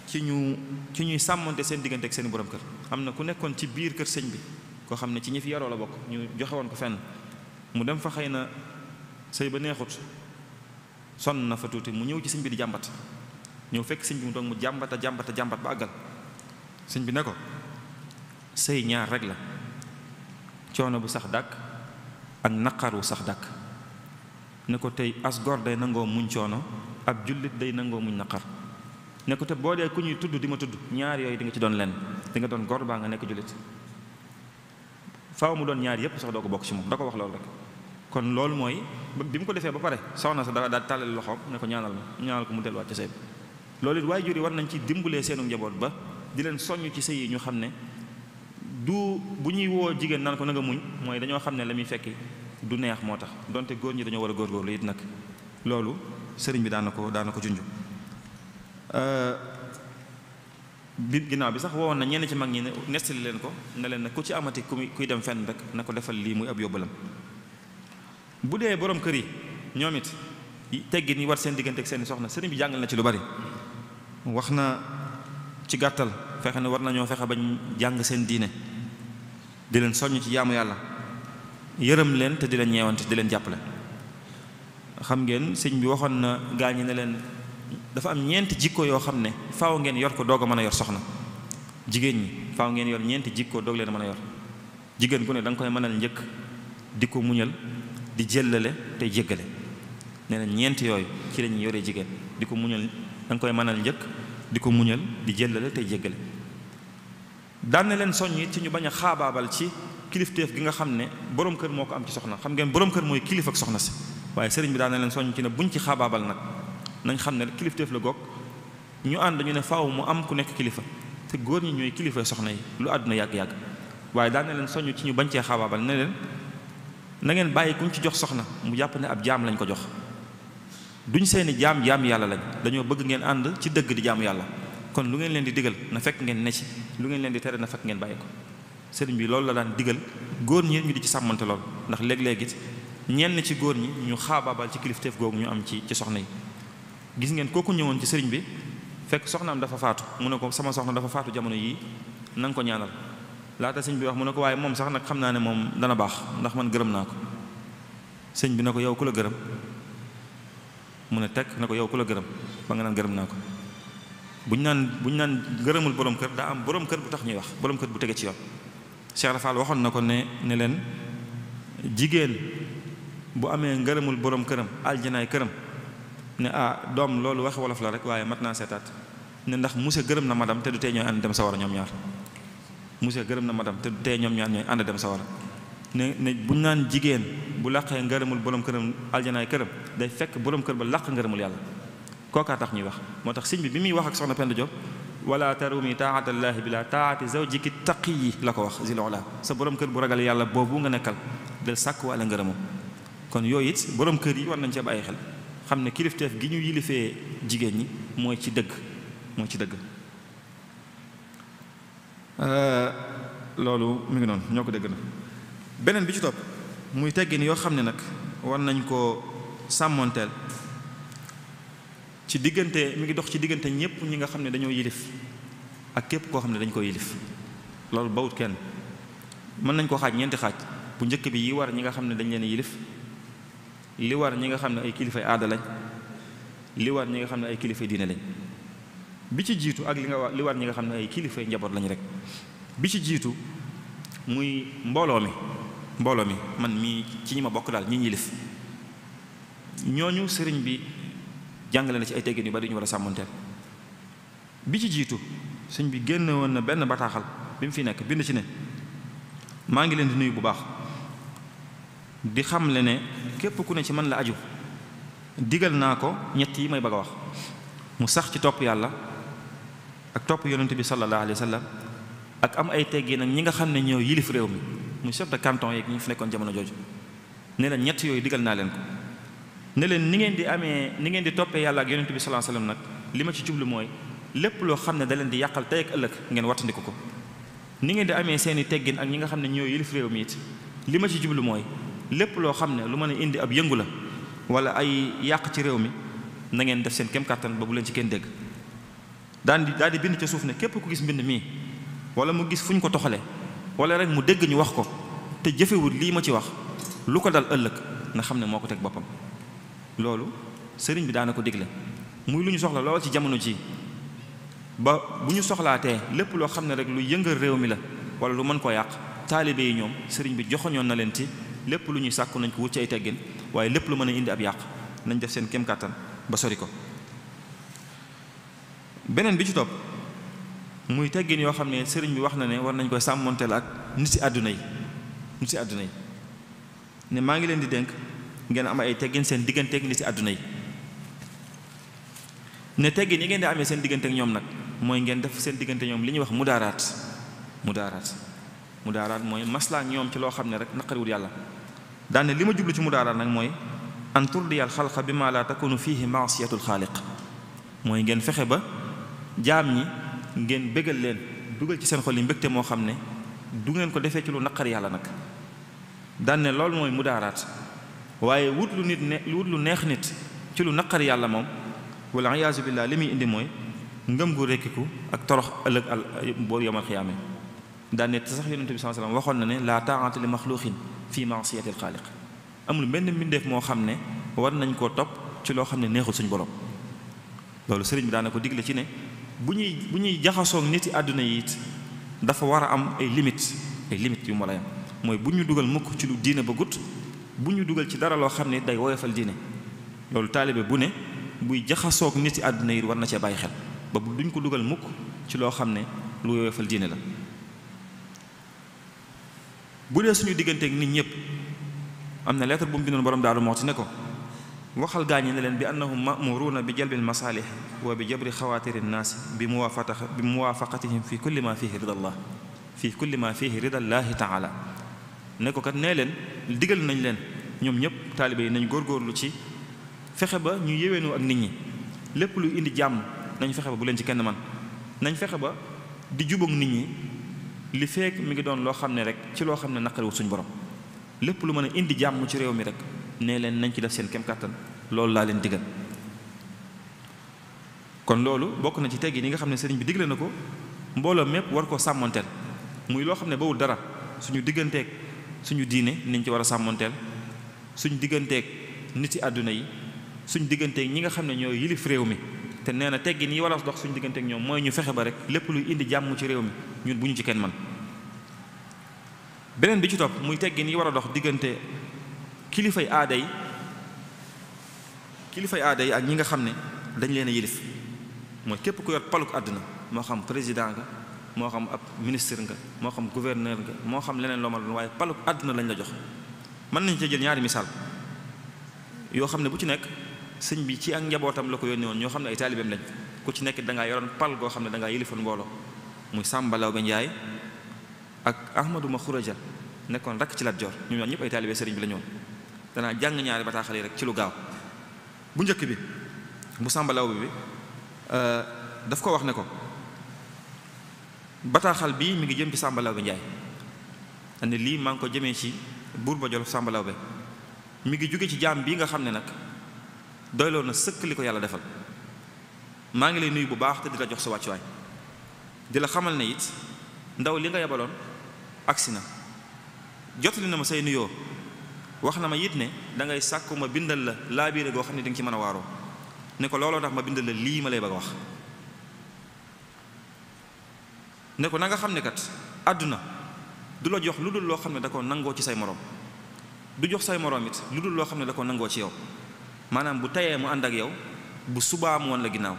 ci ñu ci ñuy sàmmante seen diggante ak seen borom kër am na ku nekkoon ci biir kër sëñ bi koo xam ne ci ñi fi yaroo la bokk ñu joxe woon ko fenn mu dem fa xëy na sëy ba neexut sonn na fa tuuti mu ñëw ci sëñ bi di jàmbat ñëw fekk sëñ bi mu toog mu jàmbata jàmbata jàmbat ba àggal sëñ bi ne ko sëy ñaar rek la coono bu sax dàkk ak naqar wu sax dàkk ne ko tey as gor day nangoo muñ coono ab jullit day nangoo muñ naqar ne ko te boo dee ku ñuy tudd di ma tudd ñaar yooyu di nga ci doon lenn dinga doon góor baa nga nekk jullit faaw mu doon ñaar yépp sax doo ko bokk ci moom da ko wax loolu rek kon loolu mooy bi mu ko defee ba pare soxna sa daa daal tàllal loxoom ne ko ñaanal ma ñaanal ko mu delluwaat ci sëy bi loolu it waajur war nañ ci dimbalee seenu njaboot ba di leen soññ ci sëy yi ñu xam ne du bu ñuy woo jigéen naan ko na nga muñ mooy dañoo xam ne la muy fekki du neex moo tax donte góor ñi dañoo war a góorgóorlu it nag loolu sëriñ bi daana ko daana ko junj euh, bi ginnaaw bi sax woowoon na ñenn ci mag ñi ne nettali leen ko ne leen nag ku ci amati ku kuy dem fenn rek na ko defal lii muy ab yóbbalam bu dee boroom kër yi ñoom it teggin yi war seen diggante ak seen soxna sëriñ bi jàngal na ci lu bari wax na ci gàttal fexe na war nañoo fexe bañ jàng seen diine di leen soññ ci yaamu yàlla yërëm leen te di leen ñeewante di leen jàppale xam ngeen sëñ bi waxoon na gaañi ne leen dafa am ñeenti jikko yoo xam ne faaw ngeen yor ko doog a mën a yor soxna jigéen ñi faaw ngeen yor ñeenti jikkoo doog leen mën a yor jigéen ku ne da koy mënal njëkk di ko muñal di jëlale tey jéggale nee na ñeent ci lañuy yoree jigéen di ko muñal da koy mënal njëkk di ko muñal di jëllale te jéggale daan na leen soññ it ci ñu bañ a xaabaabal ci kilifteef gi nga xam ne borom kër moo ko am ci soxna xam ngeen borom kër mooy kilif ak soxna si waaye sëriñ bi daan na leen soññ ci ne buñ ci xabaabal nag nañ xam ne kilifteef la goog ñu ànd ñu ne faw mu am ku nekk kilifa te góor ñi ñooy kilifa soxna lu àdduna yàgg-yàgg waaye daan leen soññ ci ñu bañ cee xabaabal ne leen na ngeen bàyyi ci jox soxna mu jàpp ne ab jaam lañ ko jox duñ seeni jaam jaam yàlla lañ dañoo bëgg ngeen ànd ci dëgg di jaamu yàlla kon lu ngeen leen di digal na fekk ngeen ne ci lu ngeen leen di na fekk ngeen bàyyi ko bi loolu la daan digal góor ñi ñu di ci sàmmante lool ndax léegi léeg it ñenn ci góor ñi ñu xaa xaabaabal ci kilifteef googu ñu am ci ci soxna yi gis ngeen kooku ñëwoon ci sëriñ bi fekk soxna soxnaam dafa faatu mu ne ko sama soxna dafa faatu jamono yii na ko ñaanal laata sëñ bi wax mu ne ko waaye moom sax nag xam naa ne moom dana baax ndax man gërëm naa ko sëñ bi ne ko yow ku la gërëm mu ne teg ne ko yow ku la gërëm ba nga naan gërëm naa ko bu ñu naan bu naan gërëmul borom kër daa am borom kër bu tax ñuy wax borom kër bu tege ci yoon Cheikh waxoon na ko ne ne leen jigéen bu amee ngërëmul borom këram aljanaay këram ne ah doom loolu wax wolof la rek waaye mat naa seetaat ne ndax monsieur gërëm na madame te du tee ñooy ànd dem sawara ñoom ñaar monsieur gërëm na madame te tee ñoom ñaar ñooy ànd dem sawara ne ne buñ naan jigéen bu làqee ngërëmul borom këram aljanaay këram day fekk borom kër ba làq ngërëmul yàlla kookaa tax ñuy wax moo tax sëñ bi bi muy wax ak soxna Penda Diop wala tarumi taatallaahi bi la taati zawjiki taqi yi la ko wax zilon la sa borom kër bu ragal yàlla boobu nga nekkal del sàkk waale ngërëmam kon yooyu boroom kër yi war nañ cee bàyyi xel xam ne kilifteef gi ñu yilifee jigéen ñi mooy ci dëgg mooy ci dëgg euh, loolu mu ngi noonu ñoo ko dégg na beneen bi ci topp muy teggin yoo xam ne nag war nañ koo sàmmoonteel ci diggante mi ngi dox ci diggante ñépp ñi nga xam ne dañoo yilif ak képp koo xam ne dañ ko yilif loolu bawut kenn mën nañ koo xaaj ñeenti xaaj bu njëkk bi yi war ñi nga xam ne dañ leen yilif li war ñi nga xam ne ay kilifay aada lañ li war ñi nga xam ne ay kilifay diine lañ bi ci jiitu ak li nga war li war ñi nga xam ne ay kilifay njaboot lañ rek bi ci jiitu muy mbooloo mi mbooloo mi man mii ci ñi ma bokk daal ñi ñi yilif ñooñu sëriñ bi jàngale na ci ay teggin yu bari ñu war a sàmmanteel bi ci jiitu sëñ bi génn woon na benn bataaxal bi mu fi nekk bind ci ne maa ngi leen di nuyu bu baax di xam le ne képp ku ne ci man la aju digal naa ko ñett yi may bëgg a wax mu sax ci topp yàlla ak topp yonent bi sallallahu alayhi wa sallam ak am ay teggin nag ñi nga xam ne ñoo yilif réew mi mu chef de canton yeeg ñi fi nekkoon jamono jooju ne leen ñett yooyu digal naa leen ko ne leen ni ngeen di amee ni ngeen di toppee yàlla ak yonent bi sallallahu alayhi nag li ma ci jublu mooy lépp loo xam ne da leen di yàqal tey ak ëllëg ngeen wattandiku ko ni ngeen di amee seeni teggin ak ñi nga xam ne ñoo réew mi it ma ci jublu mooy lépp loo xam ne lu mën a indi ab yëngu la wala ay yàq ci réew mi nangeen def seen kem kàttan ba bu leen ci kenn dégg daan di daal di bind ca suuf ne képp ko gis mbind mii wala mu gis fu ñu ko toxalee wala rek mu dégg ñu wax ko te jëfewul lii ma ci wax lu ko dal ëllëg na xam ne moo ko teg boppam loolu sëriñ bi daana ko digle muy lu ñu soxla lool ci jamono ji ba bu ñu soxlaatee lépp loo xam ne rek lu yëngal réew mi la wala lu mën ko yàq taalibe yi ñoom sëriñ bi joxoñoon na leen ci lépp lu ñuy sàkku nañ ko wut ci ay teggin waaye lépp lu mën a indi ab yàq nañ def seen kem kàttan ba sori ko beneen bi ci topp muy teggin yoo xam ne sëriñ bi wax na ne war nañ koy sàmmoonteel ak nit si àdduna yi nit si àdduna ne maa ngi leen di dénk ngeen am ay teggin seen digganteeg nit si àdduna yi ne teggin yi ngeen di amee seen digganteek ñoom nag mooy ngeen def seen diggante ñoom li ñuy wax mudaaraat mudaaraat mudaaraat mooy maslaa ñoom ci loo xam ne rek naqariwul yàlla daane li ma jublu ci mudaara nag mooy an turdiyal bi ma la takunu fihi maasiyatul xaaliq mooy ngeen fexe ba jaam ñi ngeen bégal leen dugal ci seen xol yi mbégte moo xam ne du ngeen ko defee ci lu naqar yàlla nag daan ne loolu mooy mudaaraat waaye wut lu nit ne wut lu neex nit ci lu naqar yàlla moom wala ayaasu billaah li muy indi mooy ngëm gu rekkiku ak torox ëllëg al boo yomal xiyaame daan ne te sax yonente bi sallallahu alayhi waxoon na ne laa taa'ata li maxluuqin fi maasiyatil xaaliq amul benn mbindeef moo xam ne war nañ koo topp ci loo xam ne neexul suñu borom loolu sëriñ bi daanako ko digle ci ne bu ñuy bu ñuy jaxasoo nit yi àdduna yi dafa war a am ay limites ay limites yu ma war a mooy bu ñu dugal mukk ci lu diine ba gut bu ñu dugal ci dara loo xam ne day woyofal diine loolu taalibe bu ne buy jaxasoog nit yi àdduna yi war na cee bàyyi xel ba duñ ko dugal mukk ci loo xam ne lu woyofal diine la bu dee suñu digganteeg nit ñëpp am na lettre bu mu bindoon borom Daaru Muxti ne ko waxal ñi ne leen bi annahum ma'muruuna bi jalbil masaalih wa bi jabri xawaatiri nnaasi bi muwaafaqati bi muwaafaqatihim fi kulli ma fihi ridallah fi kulli ma fihi ridallahi taala ne ko kat nee leen digal nañ leen ñoom ñëpp taalibe yi nañ góorlu ci fexe ba ñu yéwénoo ak nit ñi lépp lu indi jàmm nañ fexe ba bu leen ci kenn man nañ fexe ba di jubóog nit ñi li feek mu ngi doon loo xam ne rek ci loo xam ne naqariwul suñu borom lépp lu mën a indi jàmm ci réew mi rek nee leen nañ ci def seen kem kàttan loolu laa leen diggan kon loolu bokk na ci teggi yi nga xam ne sëriñ bi digle na ko mbooloo mépp war koo sàmmoonteel muy loo xam ne bawul dara suñu digganteeg suñu diine niñ ci war a sàmmoonteel suñu digganteeg nit ci àdduna yi suñu digganteeg ñi nga xam ne ñoo yilif réew mi te nee na teggin yi wala dox suñu diggante ak ñoom mooy ñu fexe ba rek lépp luy indi jàmm ci réew mi ñun bu ñu ci kenn man beneen bi ci topp muy teggin nii war a dox diggante kilifay aada yi kilifay aada yi ak ñi nga xam ne dañ leen a yilif mooy képp ku yor paluk àdduna moo xam président nga moo xam ab ministre nga moo xam gouverneur nga moo xam leneen loo ma doon waaye paluk àdduna lañ la jox mën nañ ci jël ñaari misaal yoo xam ne bu ci nekk sëñ bi ci ak njabootam la ko yónnee woon ñoo xam ne ay taalibeem lañ ku ci nekk da ngaa yoroon pal goo xam ne da ngaa yilifoon mbooloo muy sàmbalaw ba njaay ak ahmadu xuraja nekkoon rakk ci Lat Joor ñu ñoon ñëpp ay taalibe sëriñ bi la ñoon danaa jàng ñaari bataaxal yi rek ci lu gaaw bu njëkk bi bu sàmbalaw bi euh, daf ko wax ne ko bataaxal bii mi ngi jëm ci sàmbalaw bi njaay and lii maa ngi ko jëmee ci buur ba jolof sàmbalaw bi mu ngi jóge ci jaam bii nga xam ne nag doyloo na sëkk li ko yàlla defal maa ngi lay nuyu bu baax te di la jox sa wàccuwaay di la xamal ne it ndaw li nga yabaloon agsi na jotali na ma say nuyoo wax na ma yit ne dangay ngay sàkku ma bindal la laabiire goo xam ne da nga ci mën a waaroo ne ko looloo tax ma bindal la lii ma lay bëgg a wax ne ko na nga xam ne kat àdduna du la jox lu dul loo xam ne da ko nangoo ci say moroom du jox say moroom it lu dul loo xam ne da ko nangoo ci yow maanaam bu tayee mu ànd ak yow bu subaa mu won la ginnaaw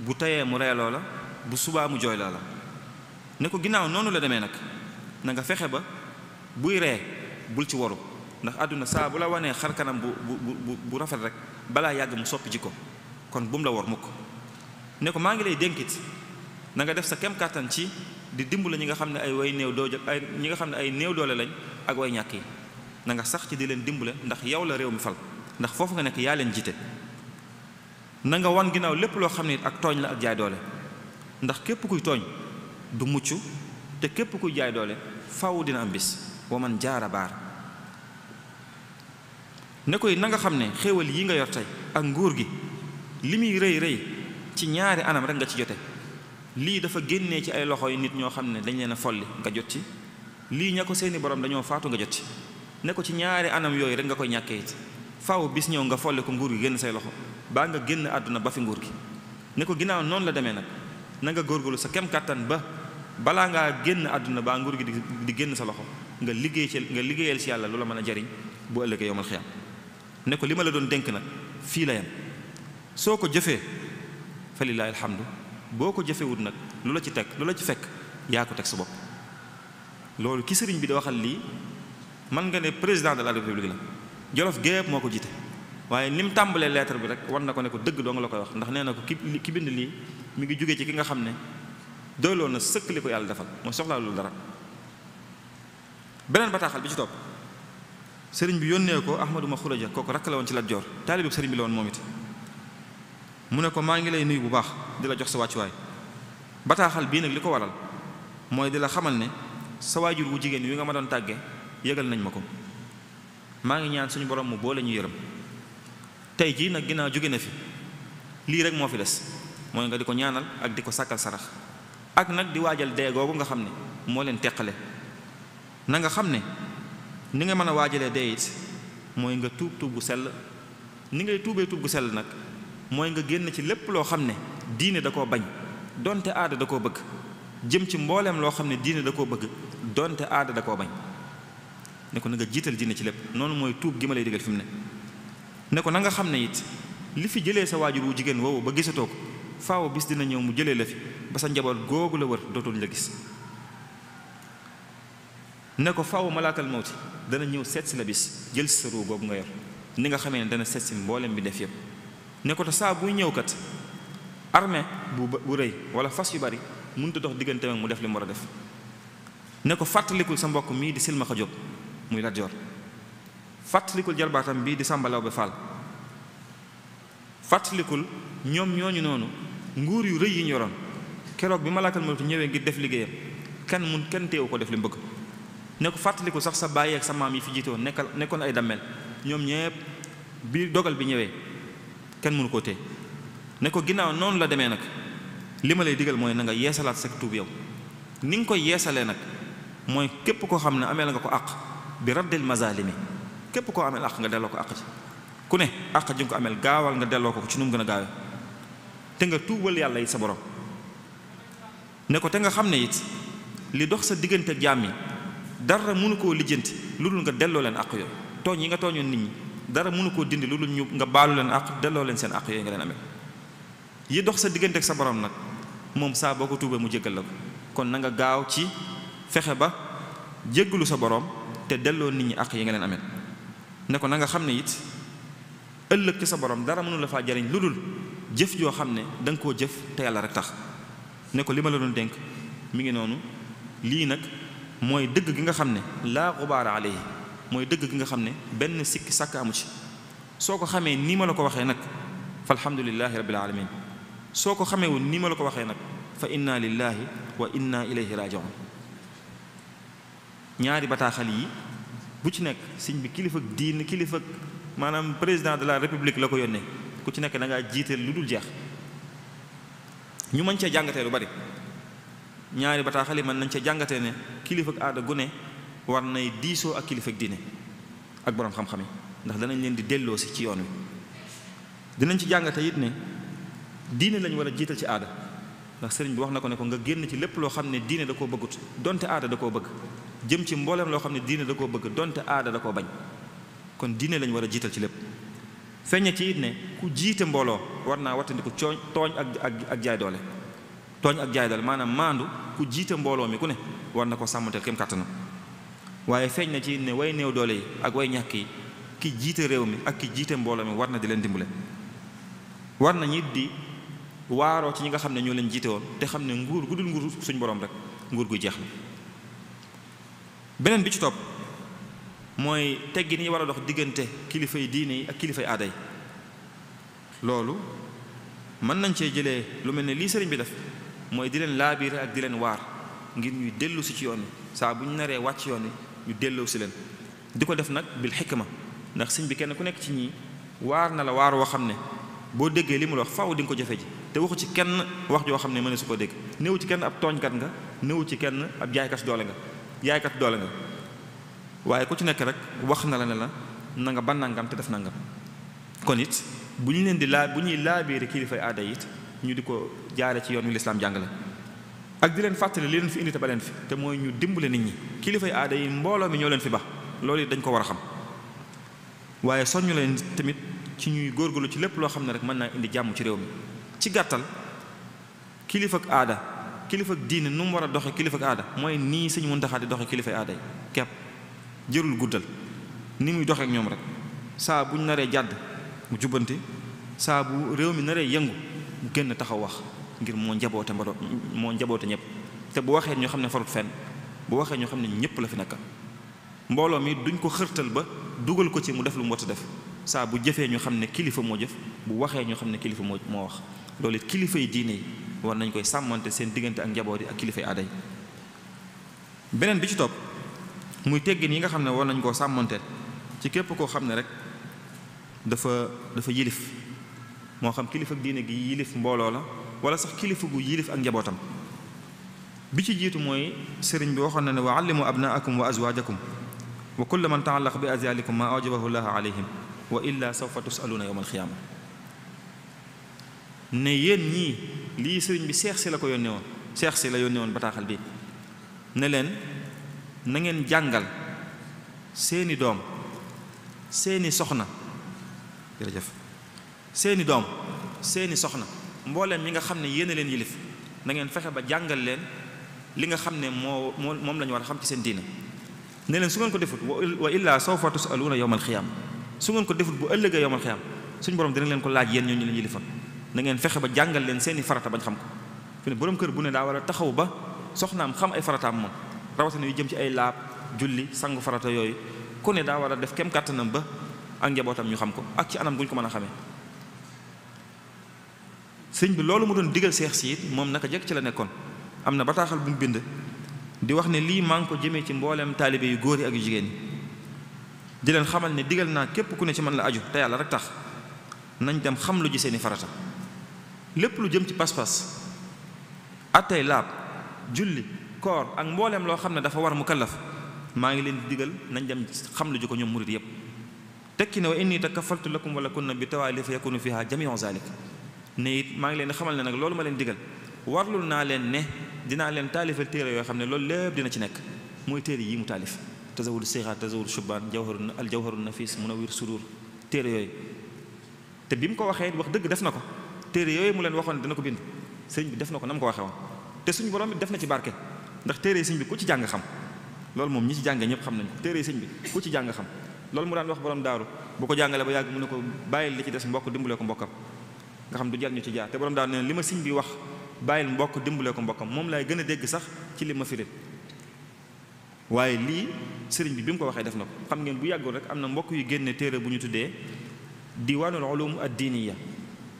bu tayee mu reeloo la bu subaa mu jooyloo la ne ko ginnaaw noonu la demee nag na nga fexe ba buy ree bul ci waru ndax àdduna saa bu la wanee xar kanam bu bu bu rafet rek balaa yàgg mu soppi ji ko kon bu mu la war mukk ne ko maa ngi lay dénkit na nga def sa kem kàttan ci di dimbali ñi nga xam ne ay way néew doo ay ñi nga xam ne ay néew doole lañ ak woy ñàkk yi nanga sax ci di leen dimbale ndax yow la réew mi fal ndax foofu nga nekk yaa leen jiite na nga wan ginnaaw lépp loo xam ne ak tooñ la ak jaay doole ndax képp kuy tooñ du mucc te képp kuy jaay doole faw dina am bis wa man jaara baar ne koy na nga xam ne xéewal yi nga yor tey ak nguur gi li muy rëy rëy ci ñaari anam rek nga ci jote lii dafa génnee ci ay loxo yi nit ñoo xam ne dañ leen a folli nga jot ci lii ña ko seeni borom dañoo faatu nga jot ci ne ko ci ñaari anam yooyu rek nga koy ñàkkee it faaw bis ñëw nga folle ko nguur gi génn say loxo baa nga génn àdduna ba fi nguur gi ne ko ginnaaw noonu la demee nag na nga góorgóorlu sa kem kàttan ba balaa ngaa génn àdduna baa nguur gi di génn sa loxo nga liggéey ci nga liggéeyal ci yàlla loola mën a jariñ bu ëllëgee yowmal xiyaam ne ko li ma la doon dénk nag fii la yem soo ko jëfee fa lillaahi boo ko jëfewut nag lu la ci teg lu la ci fekk yaa ko teg sa bopp loolu ki sëriñ bi di waxal lii mën nga ne président de la république la jolof gépp moo ko jiite waaye ni mu tàmbalee lettre bi rek war na ko ne ko dëgg doo nga la koy wax ndax nee na ko ki ki bind lii mi ngi jógee ci ki nga xam ne doyloo na sëkk li ko yàlla defal mooy soxlaa lu dara beneen bataaxal bi ci topp sëriñ bi yónnee ko Ahmadou ma xuraja kooku rakk la woon ci Lat Joor taalibu sëriñ bi la woon moom it mu ne ko maa ngi lay nuyu bu baax di la jox sa wàccuwaay bataaxal bii nag li ko waral mooy di la xamal ne sa waajur jigéen wi nga ma doon tàgge nañ ma ko maa ngi ñaan suñu borom mu boole ñu yërëm tey jii nag ginnaaw jóge na fi lii rek moo fi des mooy nga di ko ñaanal ak di ko sàkkal sarax ak nag di waajal dee googu nga xam ne moo leen teqale na nga xam ne ni nga mën a waajalee dee it mooy nga tuub tuub bu sell ni ngay tuubee tuub bu sell nag mooy nga génn ci lépp loo xam ne diine da koo bañ donte aada da koo bëgg jëm ci mbooleem loo xam ne diine da koo bëgg donte aada da koo bañ ne ko na nga jiital diine ci lépp noonu mooy tuub gi ma lay digal fi mu ne ne ko na nga xam ne it li fi jëlee sa waajur wu jigéen woowu ba gisatoo ko faaw bis dina ñëw mu jëlee la fi ba sa njaboot googu la wër dootul la gis ne ko faaw malaakal mawti dana ñëw seet si la bis jël si sa ruu googu nga yor ni nga xamee ne dana seet si mboolem bi def yëpp ne ko te saa buy ñëw kat bu bu rëy wala fas yu bari mënut dox diggante mu def li mu war a def ne ko sa mbokk mii di silmaxa jóg muy Lat Joor fàttalikul jarbaatam bii di Sàmba Lawbe Fall fàttalikul ñoom ñooñu noonu nguur yu rëy yi ñu yoroon keroog bi ma malaakal mawtu ñëwee ngir def liggéeyam kenn mun kenn teewu ko def li mu ne ko fàttaliku sax sa baay ak sa maam yi fi jiitoo nekkal nekkoon ay dammel ñoom ñëpp bi dogal bi ñëwee kenn mënu koo téye ne ko ginnaaw noonu la demee nag li ma lay digal mooy na nga yeesalaat sa tuub yow ni nga koy yeesalee nag mooy képp koo xam ne amee la nga ko àq bi raddil mazalimi képp koo amel àq nga delloo ko àq ji ku ne àq ji nga ko ameel gaawal nga delloo ko ci nu mu gën a gaawee te nga tuubal yàlla it sa borom ne ko te nga xam ne it li dox sa diggante ak jaam yi mënu koo lijjanti lu dul nga delloo leen àq yooyu tooñ yi nga tooñoon nit ñi dara mënu koo dindi lu dul nga baalu leen àq delloo leen seen àq nga leen amel yi dox sa diggante ak sa borom nag moom saa boo ko tuubee mu jéggal la ko kon nanga gaaw ci fexe ba jéggalu sa boroom te delloo nit ñi ak yi nga leen amee ne ko nanga xam ne it ëllëg ci sa borom dara mënu la faa jariñ lu dul jëf joo xam ne danga nga koo jëf te yàlla rek tax ne ko li ma la doon dénk mi ngi noonu lii nag mooy dëgg gi nga xam ne laa xubaara alayhi mooy dëgg gi nga xam ne benn sikki sàkk amu ci soo ko xamee nii ma la ko waxee nag fa alhamdulilahi rabbil alamin soo ko xamee woon nii ma la ko waxee nag fa inna lillahi wa inna ilayhi rajiun ñaari bataaxal yi bu ci nekk sëñ bi kilifa diin kilifa maanaam président de la république la ko yónnee ku ci nekk dangay jiital lu dul jeex ñu mën cee jàngatee lu bari ñaari bataaxal yi mën nañ cee jàngate ne kilifa aada gu war nay diisoo ak kilifa diine ak boroom xam-xam yi ndax danañ leen di delloosi ci yoon wi dinañ ci jàngate it ne diine lañ war a jiital ci aada ndax sëriñ bi wax na ko ne ko nga génn ci lépp loo xam ne diine da koo bëggut donte aada da koo bëgg jëm ci mboolem loo xam ne diine da koo bëgg donte aada da koo bañ kon diine lañ war a jiital ci lépp feññe ci it ne ku jiite mbooloo war naa wattandiku cooñ tooñ ak ak ak jaay doole tooñ ak jaay doole maanaam maandu ku jiite mbooloo mi ku ne war na ko sàmmanteel kem kàttanam waaye feeñ na ci ne way néew doole yi ak way ñàkk yi ki jiite réew mi ak ki jiite mbooloo mi war na di leen dimbale war na ñit di waaroo ci ñi nga xam ne ñoo leen jiite woon te xam ne nguur gu dul nguur suñ borom rek nguur gu jeex la beneen bi ci topp mooy teggin yi war a dox diggante kilifay diine yi ak kilifay aada yi loolu mën nañ cee jëlee lu mel ne lii sëriñ bi def mooy di leen laabiire ak di leen waar ngir ñuy dellu si ci yoon wi saa bu ñu naree wàcc yoon wi ñu delloo si leen di ko def nag bil ma ndax sëñ bi kenn ku nekk ci ñii waar na la waar woo xam ne boo déggee li mu la wax faaw di nga ko jafe ji te waxu ci kenn wax joo xam ne mën na su ko dégg néew ci kenn ab tooñkat nga néew ci kenn ab jaaykas doole nga yaaykat doole nga waaye ku ci nekk rek wax na la ne la na nga ban nangam te def nangam kon it bu ñu leen di laa bu ñuy laabiire kilifay aada it ñu di ko jaare ci yoon wi lislaam jàngale ak di leen fàttali li leen fi indi te ba leen fi te mooy ñu dimbale nit ñi kilifay aada yi mbooloo mi ñoo leen fi ba loolu it dañ ko war a xam waaye soññu leen tamit ci ñuy góorgóorlu ci lépp loo xam ne rek mën naa indi jàmm ci réew mi ci gàttal kilifak aada kilifa diine nu mu war a doxe kilifa aada mooy nii sëñ Muntaxa di doxe kilifa aada yi kepp jërul guddal ni muy doxeek ñoom rek saa bu ñu naree jàdd mu jubbante saa bu réew mi naree yëngu mu génn taxaw wax ngir moo njaboote mbado moo njaboote ñëpp te bu waxee ñu xam ne farut fenn bu waxee ñu xam ne ñëpp la fi nekkal mbooloo mi duñ ko xërtal ba dugal ko ci mu def lu mu war def saa bu jëfee ñu xam ne kilifa moo jëf bu waxee ñu xam ne kilifa moo moo wax loolu kilifa diine yi war nañ koy sàmmante seen diggante ak njaboot yi ak kilifay aada yi beneen bi ci topp muy teggin yi nga xam ne war nañ koo sàmmante ci képp koo xam ne rek dafa dafa yilif moo xam kilifa diine gi yilif mbooloo la wala sax kilifa gu yilif ak njabootam bi ci jiitu mooy sëriñ bi waxoon na ne wa allimu abnaakum wa azwaajakum wa kulla man taallaq bi azyalikum maa awjabahu llaahu alayhim illa sawfa tusaluuna yowma alxiyaama ne yéen ñii lii sëriñ bi seex si la ko yónnee woon seex si la yónnee woon bataaxal bi ne leen na ngeen jàngal seeni doom seeni soxna jërëjëf seeni doom seeni soxna mbooleem ñi nga xam ne yéen a leen yilif na ngeen fexe ba jàngal leen li nga xam ne moo moom la ñu war a xam ci seen diine ne leen su ngeen ko defut wa illaa sawfa tusaluuna yawmal xiyaam su ngeen ko defut bu ëllëgee yawmal xiyaam suñu borom dina leen ko laaj yéen ñoo ñu leen yilifoon na ngeen fexe ba jàngal leen seeni farata bañ xam ko fi ne borom kër bu ne daa war a taxaw ba soxnaam xam ay farataam moom rawatina yu jëm ci ay laab julli sangu farata yooyu ku ne daa war a def kem kàttanam ba ak njabootam ñu xam ko ak ci anam guñ ko mën a xame sëñ bi loolu mu doon digal seex si it moom naka jekk ci la nekkoon am na bataaxal bu mu bind di wax ne lii maa ko jëmee ci mbooleem taalibe yu góor yi ak yu jigéen ñi di leen xamal ne digal naa képp ku ne ci man la aju te yàlla rek tax nañ dem xam lu seeni farata lépp lu jëm ci pas-pas attey laab julli koor ak mbooleem loo xam ne dafa war mu kallaf maa ngi leen di digal nañ dem xam lu ju ko ñoom murit yépp tekki ne wa inni takafaltu lakum wala kunna bi tawaali fa yakunu fiha jamiu zalik ne it maa ngi leen xamal ne nag loolu ma leen digal warlul naa leen ne dinaa leen taalifal téere yoo xam ne loolu lépp dina ci nekk mooy téere yi mu taalif tasawul sixaat tasawul shubaan jawharu al jawharu nafis munawir sudur téere yooyu bi mu ko waxee wax dëgg def na ko téere yooyu mu leen waxoon dana ko bind sëriñ bi def na ko na mu ko waxee woon te suñu borom bi def na ci barke ndax téere sëriñ bi ku ci jàng xam loolu moom ñi ci jàngee ñëpp xam nañ ko téere sëriñ bi ku ci jàng xam loolu mu daan wax borom daaru bu ko jàngalee ba yàgg mu ne ko bàyyil li ci des mbokk dimbalee ko mbokkam nga xam du jar ñu ci jaar te borom daaru ne li ma siñ bi wax bàyyil mbokk dimbalee ko mbokkam moom laay gën a dégg sax ci li ma firil waaye lii sëriñ bi bi mu ko waxee def na ko xam ngeen bu yàggul rek am na mbokk yu génne téere bu ñu tuddee diwaanul ulum ad-diniya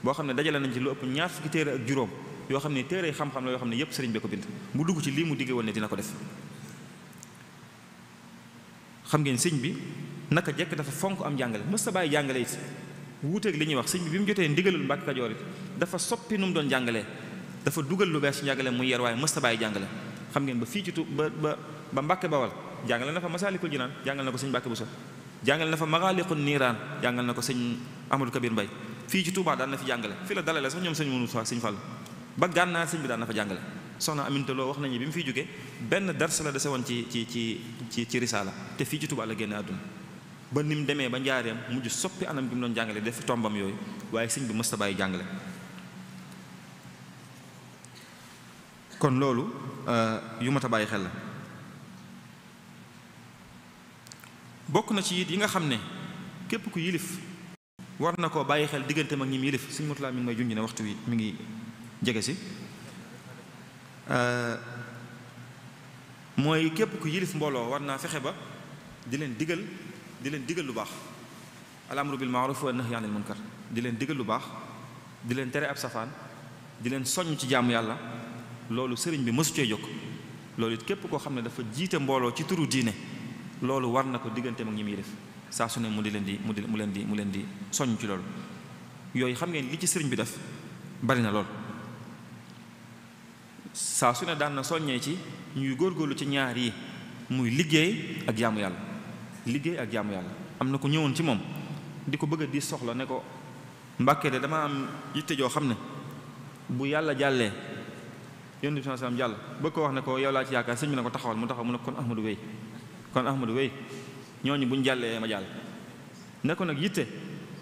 boo xam ne dajale nañ ci lu ëpp ñaar fukki téere ak juróom yoo xam ne téere xam-xam la yoo xam ne yépp sëriñ bi ko bind mu dugg ci lii mu digge woon ne dina ko def xam ngeen sëñ bi naka jekk dafa fonk am jàngale mës ta bàyyi jàngale it wuuteeg li ñuy wax sëñ bi mu jotee ndigalul Mbàkke Kajoor it dafa soppi nu mu doon jàngalee dafa dugal lu bees ci njàngale muy yer waaye mës ta bàyyi jàngale xam ngeen ba fii ci tu ba ba ba Mbàkke Bawal jàngale na fa Masaalikul Jinaan jàngal na ko sëñ Mbàkke Buso jàngal na fa Magaaliqun Niiraan jàngal na ko sëñ Amadou Kabir Mbay fii ci Touba daan na fi jàngale fii la dalale sax ñoom sëñ mënu ak sëñ Fall ba gànnaar sañ bi daan na fa jàngale soxna Aminta wax nañu bi mu fi jógee benn dars la dese woon ci ci ci ci ci risaala te fii ci Touba la génne àdduna ba ni mu demee ba njaareem mujj soppi anam gi mu doon jàngale def tombam yooyu waaye sañ bi mës ta bàyyi jàngale kon loolu euh, yu mat a bàyyi xel la bokk na ci it yi nga xam ne képp ku yilif war na koo bàyyi xel diggante mag ñi mu yëlif suñ mutulaa mi ngi may junj ne waxtu wi mi ngi jege si euh, mooy képp ku yilif mbooloo war naa fexe ba di leen digal di leen digal lu baax al amru bil maaruf wa nahy anil munkar di leen digal lu baax di leen tere ab safaan di leen soññ ci jaamu yàlla loolu sëriñ bi mësu cee jóg loolu it képp koo xam ne dafa jiite mbooloo ci turu diine loolu war na ko diggante mag ñi muy def saa su ne mu di leen di mu di mu leen di mu leen di soññ ci loolu yooyu xam ngeen li ci sëriñ bi def bari na lool saa su ne daan na soññee ci ñuy góor góorlu ci ñaar yi muy liggéey ak jaamu yàlla liggéey ak jaamu yàlla am na ko ñëwoon ci moom di ko bëgg a di soxla ne ko mbàkke de dama am yitte joo xam ne bu yàlla jàllee yonent bi sallallahu alayhi jàll bëgg ko wax ne ko yow laa ci yaakaar sëñ bi ne ko taxawal mu taxaw mu ne kon Ahmadu wéy kon Ahmadu wéy ñooñu bu ñu jàllee ma jàll ne ko nag yitte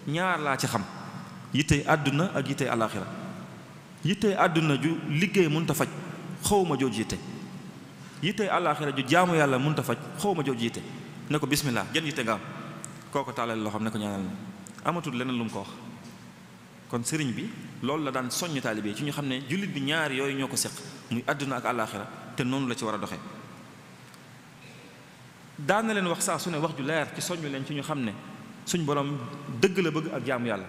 ñaar laa ci xam yitte àdduna ak yitte alaaxira yitte àdduna ju liggéey mënta faj xaw ma jooju yitte yitte alaaxira ju jaamu yàlla a faj xaw ma jooju yitte ne ko bismillah jën yitte nga am kooko taalal loo xam ne ko ñaanal na amatul leneen lu mu ko wax kon sëriñ bi loolu la daan soññ taalibee ci ñu xam ne jullit bi ñaar yooyu ñoo ko seq muy àdduna ak alaaxira te noonu la ci war a doxee daan na leen wax saa su ne wax ju leer ci soññu leen ci ñu xam ne suñ boroom dëgg la bëgg ak jaamu yàlla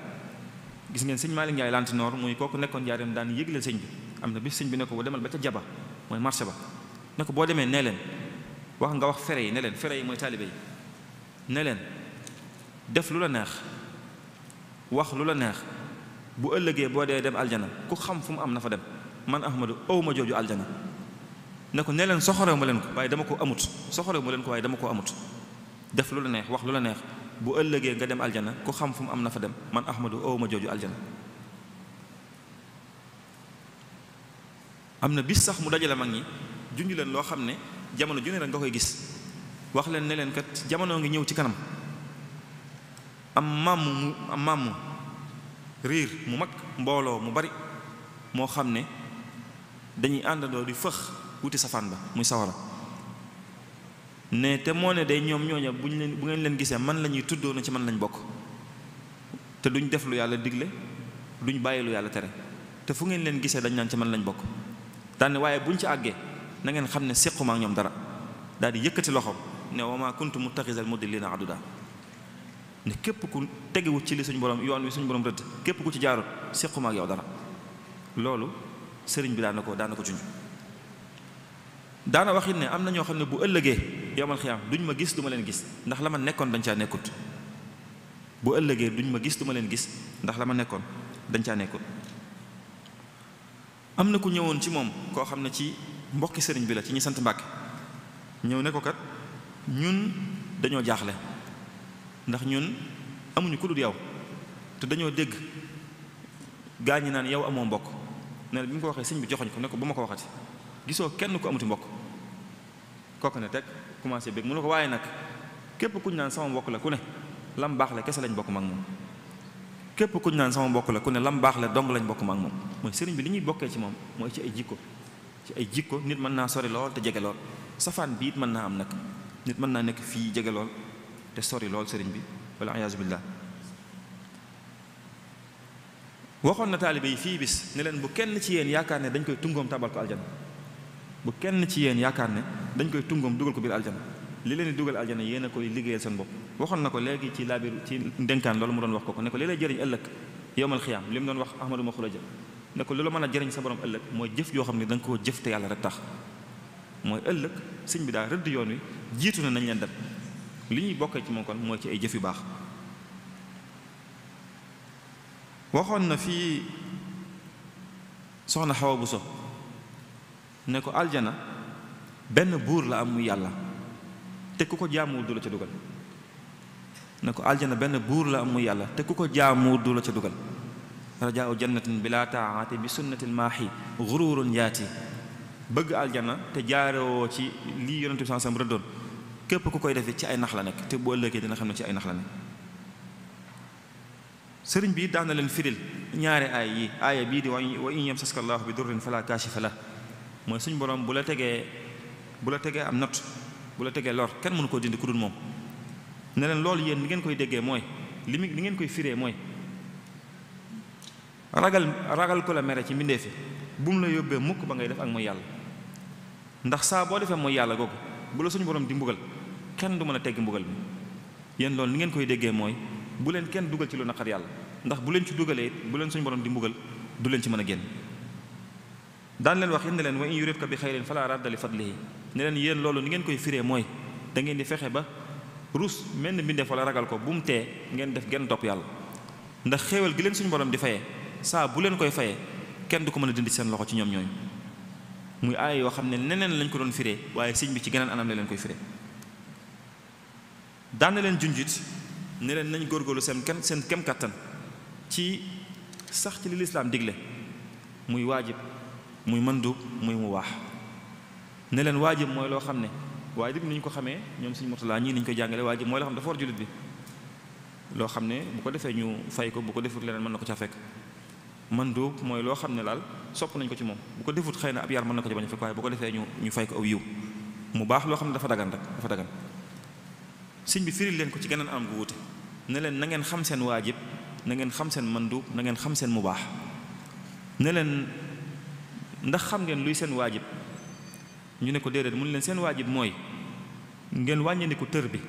gis ngeen sëñ Malick Ndiaye lantinoor muy kooku nekkoon njaareem daan yëgle sëñ bi am na bis sëñ bi ne ko boo demal ba ca jaba mooy marché ba ne ko boo demee nee leen wax nga wax fere yi ne leen fere yi mooy taalibe yi ne leen def lu la neex wax lu la neex bu ëllëgee boo dee dem aljana ku xam fu mu am na fa dem man ahmadu awma jooju aljana ne ko neleen leen ma leen ko waaye dama ko amut soxorew ma leen ko waaye dama ko amut def lu la neex wax lu la neex bu ëllëgee nga dem aljana ku xam fu mu am na fa dem man ahmadu ow ma jooju aljana am na bis sax mu dajale mag ñi junj leen loo xam ne jamono junne rek nga koy gis wax leen ne leen kat jamono ngi ñëw ci kanam am màmm mu am màmm riir mu mag mbooloo mu bari moo xam ne dañuy àndandoo di fëx wuti safaan ba muy sawara ne te moo ne day ñoom ñooña bu ñu leen bu ngeen leen gisee man la ñuy tuddoo ci man lañ bokk te duñ def lu yàlla digle duñ bàyyi lu yàlla tere te fu ngeen leen gisee dañ naan ci man lañu bokk daane waaye buñ ci àggee na ngeen xam ne séquma ak ñoom dara daal di yëkkati loxoom ne wa ma kuntu muttaxisal mudillina aduda ne képp ku tegewu ci li suñu borom yoon wi suñ borom rëdd képp ku ci jaarut séquma ak yow dara loolu sëriñ bi daan na ko daan na ko daana wax it ne am na ñoo xam ne bu ëllëgee yomal xiyaam duñ ma gis du ma leen gis ndax la ma nekkoon dañ caa nekkut bu ëllëgee duñ ma gis du ma leen gis ndax la ma nekkoon dañ caa nekkut am na ku ñëwoon ci moom koo xam ne ci mbokki sëriñ bi la ci ñu sant Mbàkke ñëw ne ko kat ñun dañoo jaaxle ndax ñun amuñu ku dul yow te dañoo dégg gaañi naan yow amoo mbokk ne bi mu ko waxee sëñ bi joxoñ ko ne ko bu ma ko waxati gisoo kenn ku amuti mbokk kooku ne teg commencé bëgg mu ne ko waaye nag képp kuñ ñu naan sama mbokk la ku ne lam baax la kese lañ bokk ma ak moom képp kuñ ñu naan sama mbokk la ku ne lam baax la dong lañ bokk ma ak moom mooy sëriñ bi li ñuy bokkee ci moom mooy ci ay jikko ci ay jikko nit mën naa sori lool te jege lool safaan bi mën naa am nag nit mën naa nekk fii jege lool te sori lool sëriñ bi wala ayaasu billah waxoon na taalibe yi fii bis ne leen bu kenn ci yéen yaakaar ne dañ koy tungoom tabal ko bu kenn ci yéen yaakaar ne dañ koy tungoom dugal ko biir aljana li leen di dugal aljana yéen koy liggéeyal seen bopp waxoon na ko léegi ci laabir ci ndénkaan loolu mu doon wax ko ko ne ko li lay jëriñ ëllëg yowmal xiyaam li mu doon wax ahmadu ma xulaja ne ko loolu mën a jëriñ sa borom ëllëg mooy jëf yoo xam ne da nga koo jëf te yàlla rek tax mooy ëllëg sëñ bi daal rëdd yoon wi jiitu na nañ leen dem li ñuy bokkee ci moom mooy ci ay jëf yu baax na fii soxna xawa bu so ne ko aljana benn buur la am muy yàlla te ku ko jaamuwul du la ca dugal ne ko aljana benn buur la am muy yàlla te ku ko jaamuwul du la ca dugal rajaau jannatin bila taati bi sunnatil maahi gururun yaati bëgg aljana te jaarewoo ci lii yonent bi sansam rëddoon képp ku koy defee ci ay nax la nekk te bu ëllëgee dina xam ne ci ay nax la nekk sëriñ bi daan leen firil ñaari aay yi aaya bii di wa in yamsaska allahu bi durrin fala kaashifa lah mooy suñu borom bu la tegee bu la tegee am not bu la tegee lor kenn mënu koo dindi ku dul moom ne leen loolu yéen li ngeen koy déggee mooy li mu ngeen koy firee mooy ragal ragal ko la ci mbindeef bu mu la yóbbee mukk ba ngay def ak mooy yàlla ndax saa boo defee mooy yàlla googu bu la suñ borom di mbugal kenn du mën a tegg mbugal bi yéen loolu li ngeen koy déggee mooy bu leen kenn dugal ci lu naqar yàlla ndax bu leen ci dugalee bu leen suñu borom di mbugal du leen ci mën a génn daan leen wax in ne leen wa in yuridka bi xayrin fala radda li fadlihi ne leen yéen loolu ni ngeen koy firee mooy da ngeen di fexe ba ruus menn mbindeef wala ragal ko bu mu tee ngeen def genn topp yàlla ndax xéewal gi leen suñu borom di fayee saa bu leen koy fayee kenn du ko mën a dindi seen loxo ci ñoom ñooñ muy aay yoo xam ne neneen lañ ko doon firee waaye sëñ bi ci geneen anam la leen koy firee daan leen junjit ne leen nañ góorgóorlu seen kem seen kem kattan ci sax ci li digle muy waajib muy mandub muy mu baax ne leen waajib mooy loo xam ne waajib ni ñu ko xamee ñoom suñu laa ñii ni ñu ko jàngale waajib mooy loo xam ne dafa war jullit bi loo xam ne bu ko defee ñu fay ko bu ko defut leneen mën na ko ca fekk mandub mooy loo xam ne laal sopp nañ ko ci moom bu ko defut xëy na ab yar mën na ko ci bañ a fekk waaye bu ko defee ñu ñu fay ko aw yiw mu baax loo xam ne dafa dagan rek dafa dagan sëñ bi firil leen ko ci geneen am gu wuute ne leen na ngeen xam seen waajib na ngeen xam seen mandub na ngeen xam seen mu baax ne ndax xam ngeen luy seen waajib ñu ne ko déedéet mu ne leen seen waajib mooy ngeen wàññandiku tër bi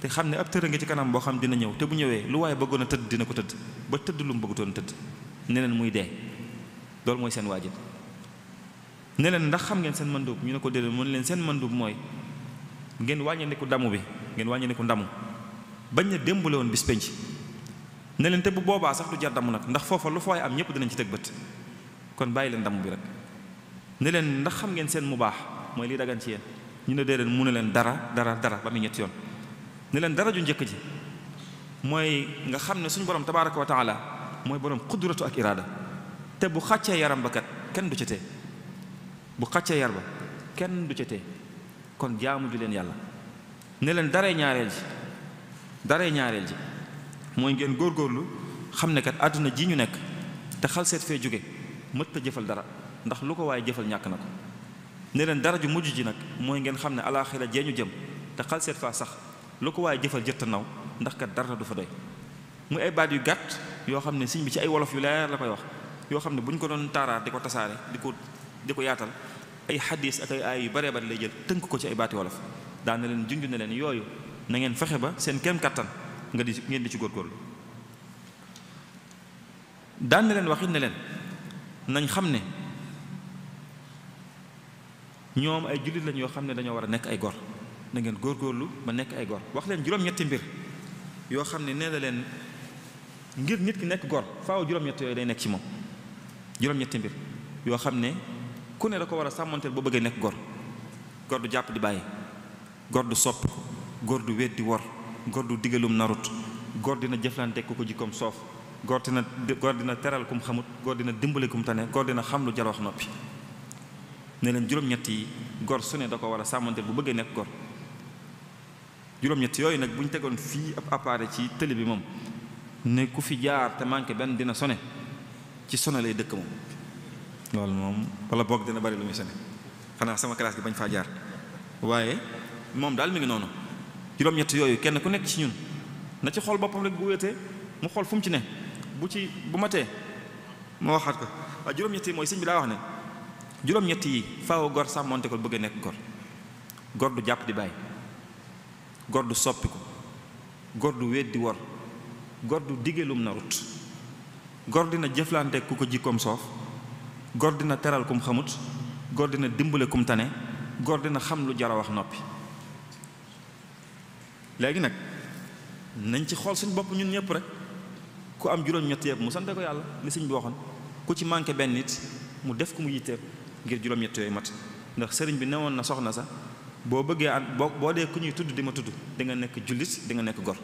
te xam ne ab tër a ngi ci kanam boo xam dina ñëw te bu ñëwee lu waaye bëggoon a tëdd dina ko tëdd ba tëdd lu mu bëggutoon tëdd ne muy dee loolu mooy seen waajib ne ndax xam ngeen seen mandub ñu ne ko déedéet mu ne leen seen mandub mooy ngeen wàññandiku damu bi ngeen wàññandiku ndamu bañ na démb la woon bis penc ne leen te bu boobaa sax du jar damu nag ndax foofa lu fooy am ñëpp dinañ ci teg bët kon bàyyi leen damu bi rek ne leen ndax xam ngeen seen mu baax mooy li dagan ci yéen ñu ne dee leen mu ne leen dara dara dara ba muy ñetti yoon ne leen dara ju njëkk ji mooy nga xam ne suñu borom tabaaraka wa taala mooy borom qudratu ak iraada te bu xàccee yaram ba kenn du ca tee bu xàccee yar ba kenn du ca kon jaamu ju leen yàlla ne leen daree ñaareel ji daree ñaareel ji mooy ngeen góor góorlu xam ne kat àdduna ji ñu nekk te xal seet fee jóge mët ta jëfal dara ndax lu ko waaye jëfal ñàkk na ko ne leen dara ju mujj ji nag mooy ngeen xam ne alaaxira jee ñu jëm te xalseet faa sax lu ko waaye jëfal jëtt naw ndax kat dara du fa doy muy ay baat yu gàtt yoo xam ne siñ bi ci ay wolof yu leer la koy wax yoo xam ne bu ñu ko doon taaraar di ko tasaare di ko di ko yaatal ay xadis ak ay aay yu baree bari lay jël tënk ko ci ay baati wolof daan na leen junj ne leen yooyu na ngeen fexe ba seen kem kattan nga di ngeen di ci góorgóorlu daan na leen waxit ne leen nañ xam ne ñoom ay jullit lañ yoo xam ne dañoo war a nekk ay gor na ngeen góorlu ba nekk ay gor wax leen juróom-ñetti mbir yoo xam ne nee na leen ngir nit ki nekk gor faw juróom-ñett yooyu day nekk ci moom juróom-ñetti mbir yoo xam ne ku ne da ko war a sàmmanteel boo bëggee nekk gor gor du jàpp di bàyyi gor du sopp gor du weddi wor gor du digalum narut gor dina jëflante ku ko jikkoom soof gor dina gor dina teral kum xamut gor dina dimbale kum tane gor dina xam lu jar wax noppi ne leen juróom-ñett yi gor su da ko war a sàmmanteel bu bëggee nekk gor juróom-ñett yooyu nag bu ñu tegoon fii ab appareil ci télé bi moom ne ku fi jaar te manqué benn dina sone ci sone lay dëkk moom loolu moom wala boog dina bari lu muy sone xanaa sama classe gi bañ faa jaar waaye moom daal mi ngi noonu juróom-ñett yooyu kenn ku nekk ci ñun na ci xool boppam rek bu wéetee mu xool fu mu ci ne bu ci bu matee moo waxaat ko waaye juróom-ñett yi mooy sëñ bi daa wax ne juróom-ñett yi faaw gor sàmmonte ko bëgg a nekk gor gor du jàpp di bàyyi gor du soppi ko gor du weddi wor gor du digelum narut gor dina jëflante ku ko jikkoom soof gor dina teral kum xamut gor dina dimbale kum tane gor dina xam lu jar a wax noppi léegi nag nañ ci xool suñ bopp ñun ñëpp rek ku am juróom-ñett yëpp mu sante ko yàlla li sëñ bi ku ci manqué benn nit mu def ko mu yitteeku ngir juróom-ñett yooyu mat ndax sëriñ bi woon na soxna sa boo bëggee at boo boo dee ku ñuy tudd di ma tudd di nga nekk jullis di nga nekk gor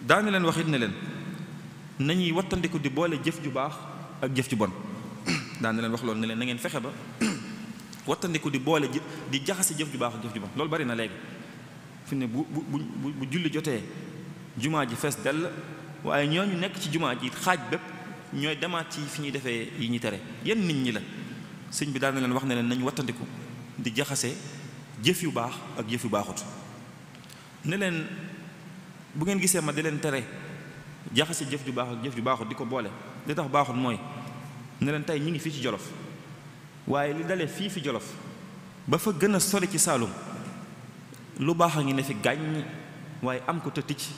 daana leen waxit na leen nañuy wattandiku di boole jëf ju baax ak jëf ju bon daana leen wax loolu ne leen na ngeen fexe ba wattandiku di boole di jaxase jëf ju baax ak jëf ju bon loolu bari na léegi fi ne bu bu bu bu julli jotee jumaa ji fees dell waaye ñoo ñu nekk ci jumaa ji xaaj bépp ñooy demaat ci fi ñuy defee yi ñu tere yenn nit ñi la sëñ bi daal na leen wax na leen nañu wattandiku di jaxase jëf yu baax ak jëf yu baaxut ne leen bu ngeen gisee ma di leen tere jaxase jëf yu baax ak jëf yu baaxut di ko boole li tax baaxut mooy ne leen tey ñu ngi fii ci jolof waaye li dalee fii fi jolof ba fa gën a sori ci Saalum lu baax a ngi ne fi gàññ waaye am ko te ci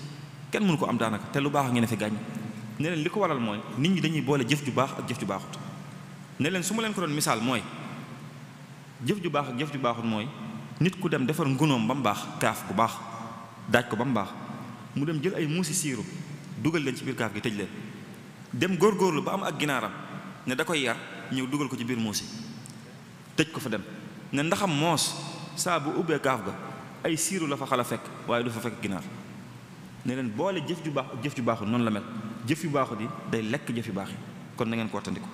kenn mënu ko am daanaka te lu baax a ngi ne fi gàññ ne leen li ko waral mooy nit ñi dañuy boole jëf ju baax ak jëf ju baaxut ne leen su ma leen ko doon misaal mooy jëf ju baax ak jëf ju baaxut mooy nit ku dem defar ngunoom ba mu baax kaaf bu baax daaj ko ba mu baax mu dem jël ay muusi siiru dugal leen ci biir kaaf gi tëj leen dem góorgóorlu ba am ak ginaaram ne da koy yar ñëw dugal ko ci biir muusi tëj ko fa dem ne ndaxam moos saa bu ubbee kaaf ga ay siiru la fa xala fekk waaye du fa fekk ginaar ne leen boole jëf ju baax ak jëf ju baaxut noonu la mel jëf yu baaxut yi day lekk jëf baax yi kon na ngeen ko wattandiku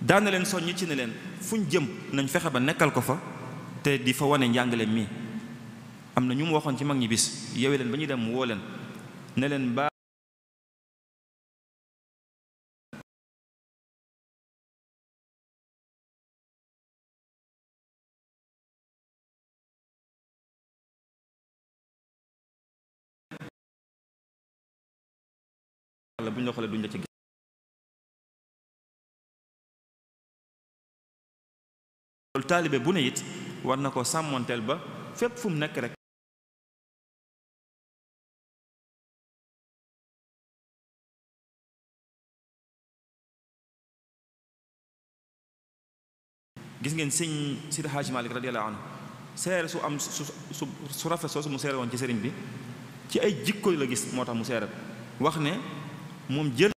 daana leen soññ ci ne leen fu ñu jëm nañ fexe ba nekkal ko fa te di fa wane njàngaleem mi am na ñu mu waxoon ci mag ñi bis yewe leen ba ñuy dem woo leen ne leen ba bu ñu bu ne it war na ko sàmmonteel ba fépp fu mu nekk rek gis ngeen sëñ Sidi Haaji Malik radiyallahu anhu seere su am su su su rafet soosu mu seere woon ci sëriñ bi ci ay jikko la gis moo tax mu seere wax ne moom jël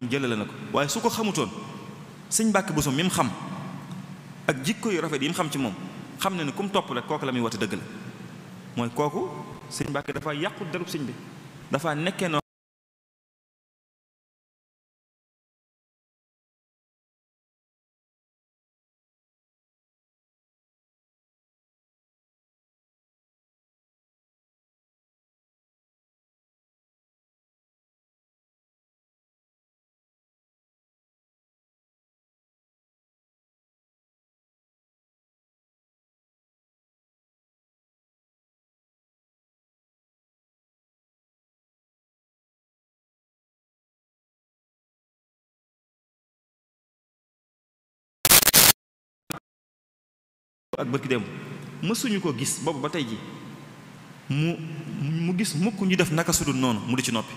moom jëlale na ko waaye su ko xamutoon sëñ Mbàkke Buso mi mu xam ak jikko yu rafet yi mu xam ci moom xam na ne ku mu topp rek kooku la muy woote dëgg la mooy kooku sëñ Mbàkke dafa yàqu derub sëñ bi dafa nekkee noonu ak bërki dem mësuñu ko gis boobu ba tey ji mu mu gis mukk ñu def naka sudul noonu mu di ci noppi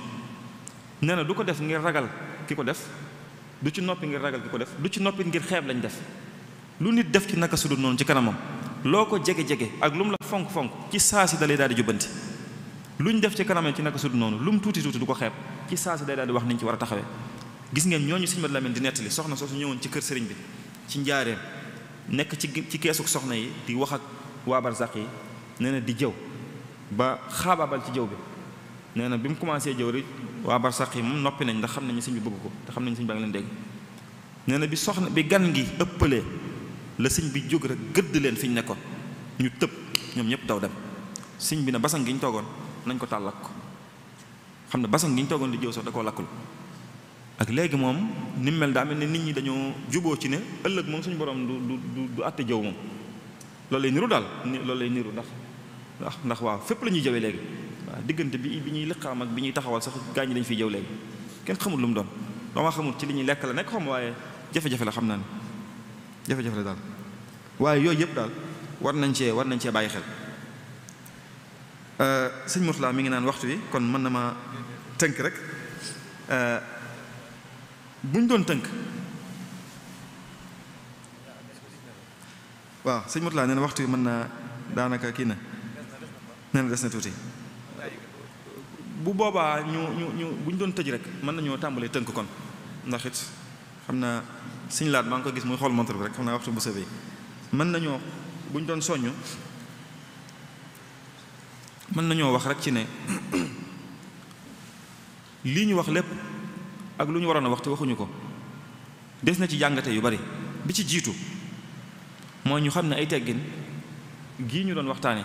nee na du ko def ngir ragal ki ko def du ci noppi ngir ragal ki ko def du ci noppi ngir xeeb lañ def lu nit def ci naka sudul noonu ci kanamam loo ko jege-jege ak lu mu la fonk-fonk ci saa si dalay daal di jubbanti lu ñu def ci kanamam ci naka sudul noonu lu mu tuuti tuuti du ko xeeb ci saa si day daal di wax niñ ci war a taxawee gis ngeen ñooñu Sëñ Mat Lamin di nettali soxna soosu ñëwoon ci kër sëriñ bi ci njaareem nekk ci ci keesu soxna yi di wax ak waa sax yi nee na di jëw ba xaabaabal ci jëw bi nee na bi mu commencé jëw rek waa sax yi moom noppi nañ ndax xam nañu sëñ bi bëgg ko te xam nañu sëñ baa ngi leen dégg nee na bi soxna bi gan gi ëppalee la sëñ bi jóg rek gëdd leen fi ñu nekkoon ñu tëb ñoom ñëpp daw dem sëñ bi na basan gi ñu toogoon nañ ko tàllak ko xam ne basan gi ñu toogoon di jëw sax da koo lakkul ak léegi moom ni mu mel daa mel ne nit ñi dañoo juboo ci ne ëllëg moom suñu borom du du du àtte jëw moom loolu lay niru daal lool lay niru ndax ndax ndax waaw fépp la ñuy jawee léegi waaw diggante bi bi ñuy liqaam ak bi ñuy taxawal sax gaañ ñi dañu fiy jëw léegi kenn xamul lu mu doon dama xamul ci li ñuy lekk la nekk xam waaye jafe-jafe la xam naa ne jafe-jafe la daal waaye yooyu yëpp daal war nañ cee war nañ cee bàyyi xel euh, sëñ Mourtala mi ngi naan waxtu wi kon mën na ma rek euh, bu ñu doon tënk waaw sëñ Moutala nee na waxtu yi mën na daanaka kii na nee na des na tuuti bu boobaa ñu ñu ñu bu ñu doon tëj rek mën nañoo tàmbali tënk kon ndax xam naa suñu laat maa ngi ko gis muy xool montre bi rek xam naa waxtu bu sëbee mën nañoo bu ñu doon soññ mën nañoo wax rek ci ne lii ñu wax lépp. ak lu ñu waroon a wax te waxuñu ko des na ci jàngate yu bari bi ci jiitu mooy ñu xam ne ay teggin gii ñu doon waxtaane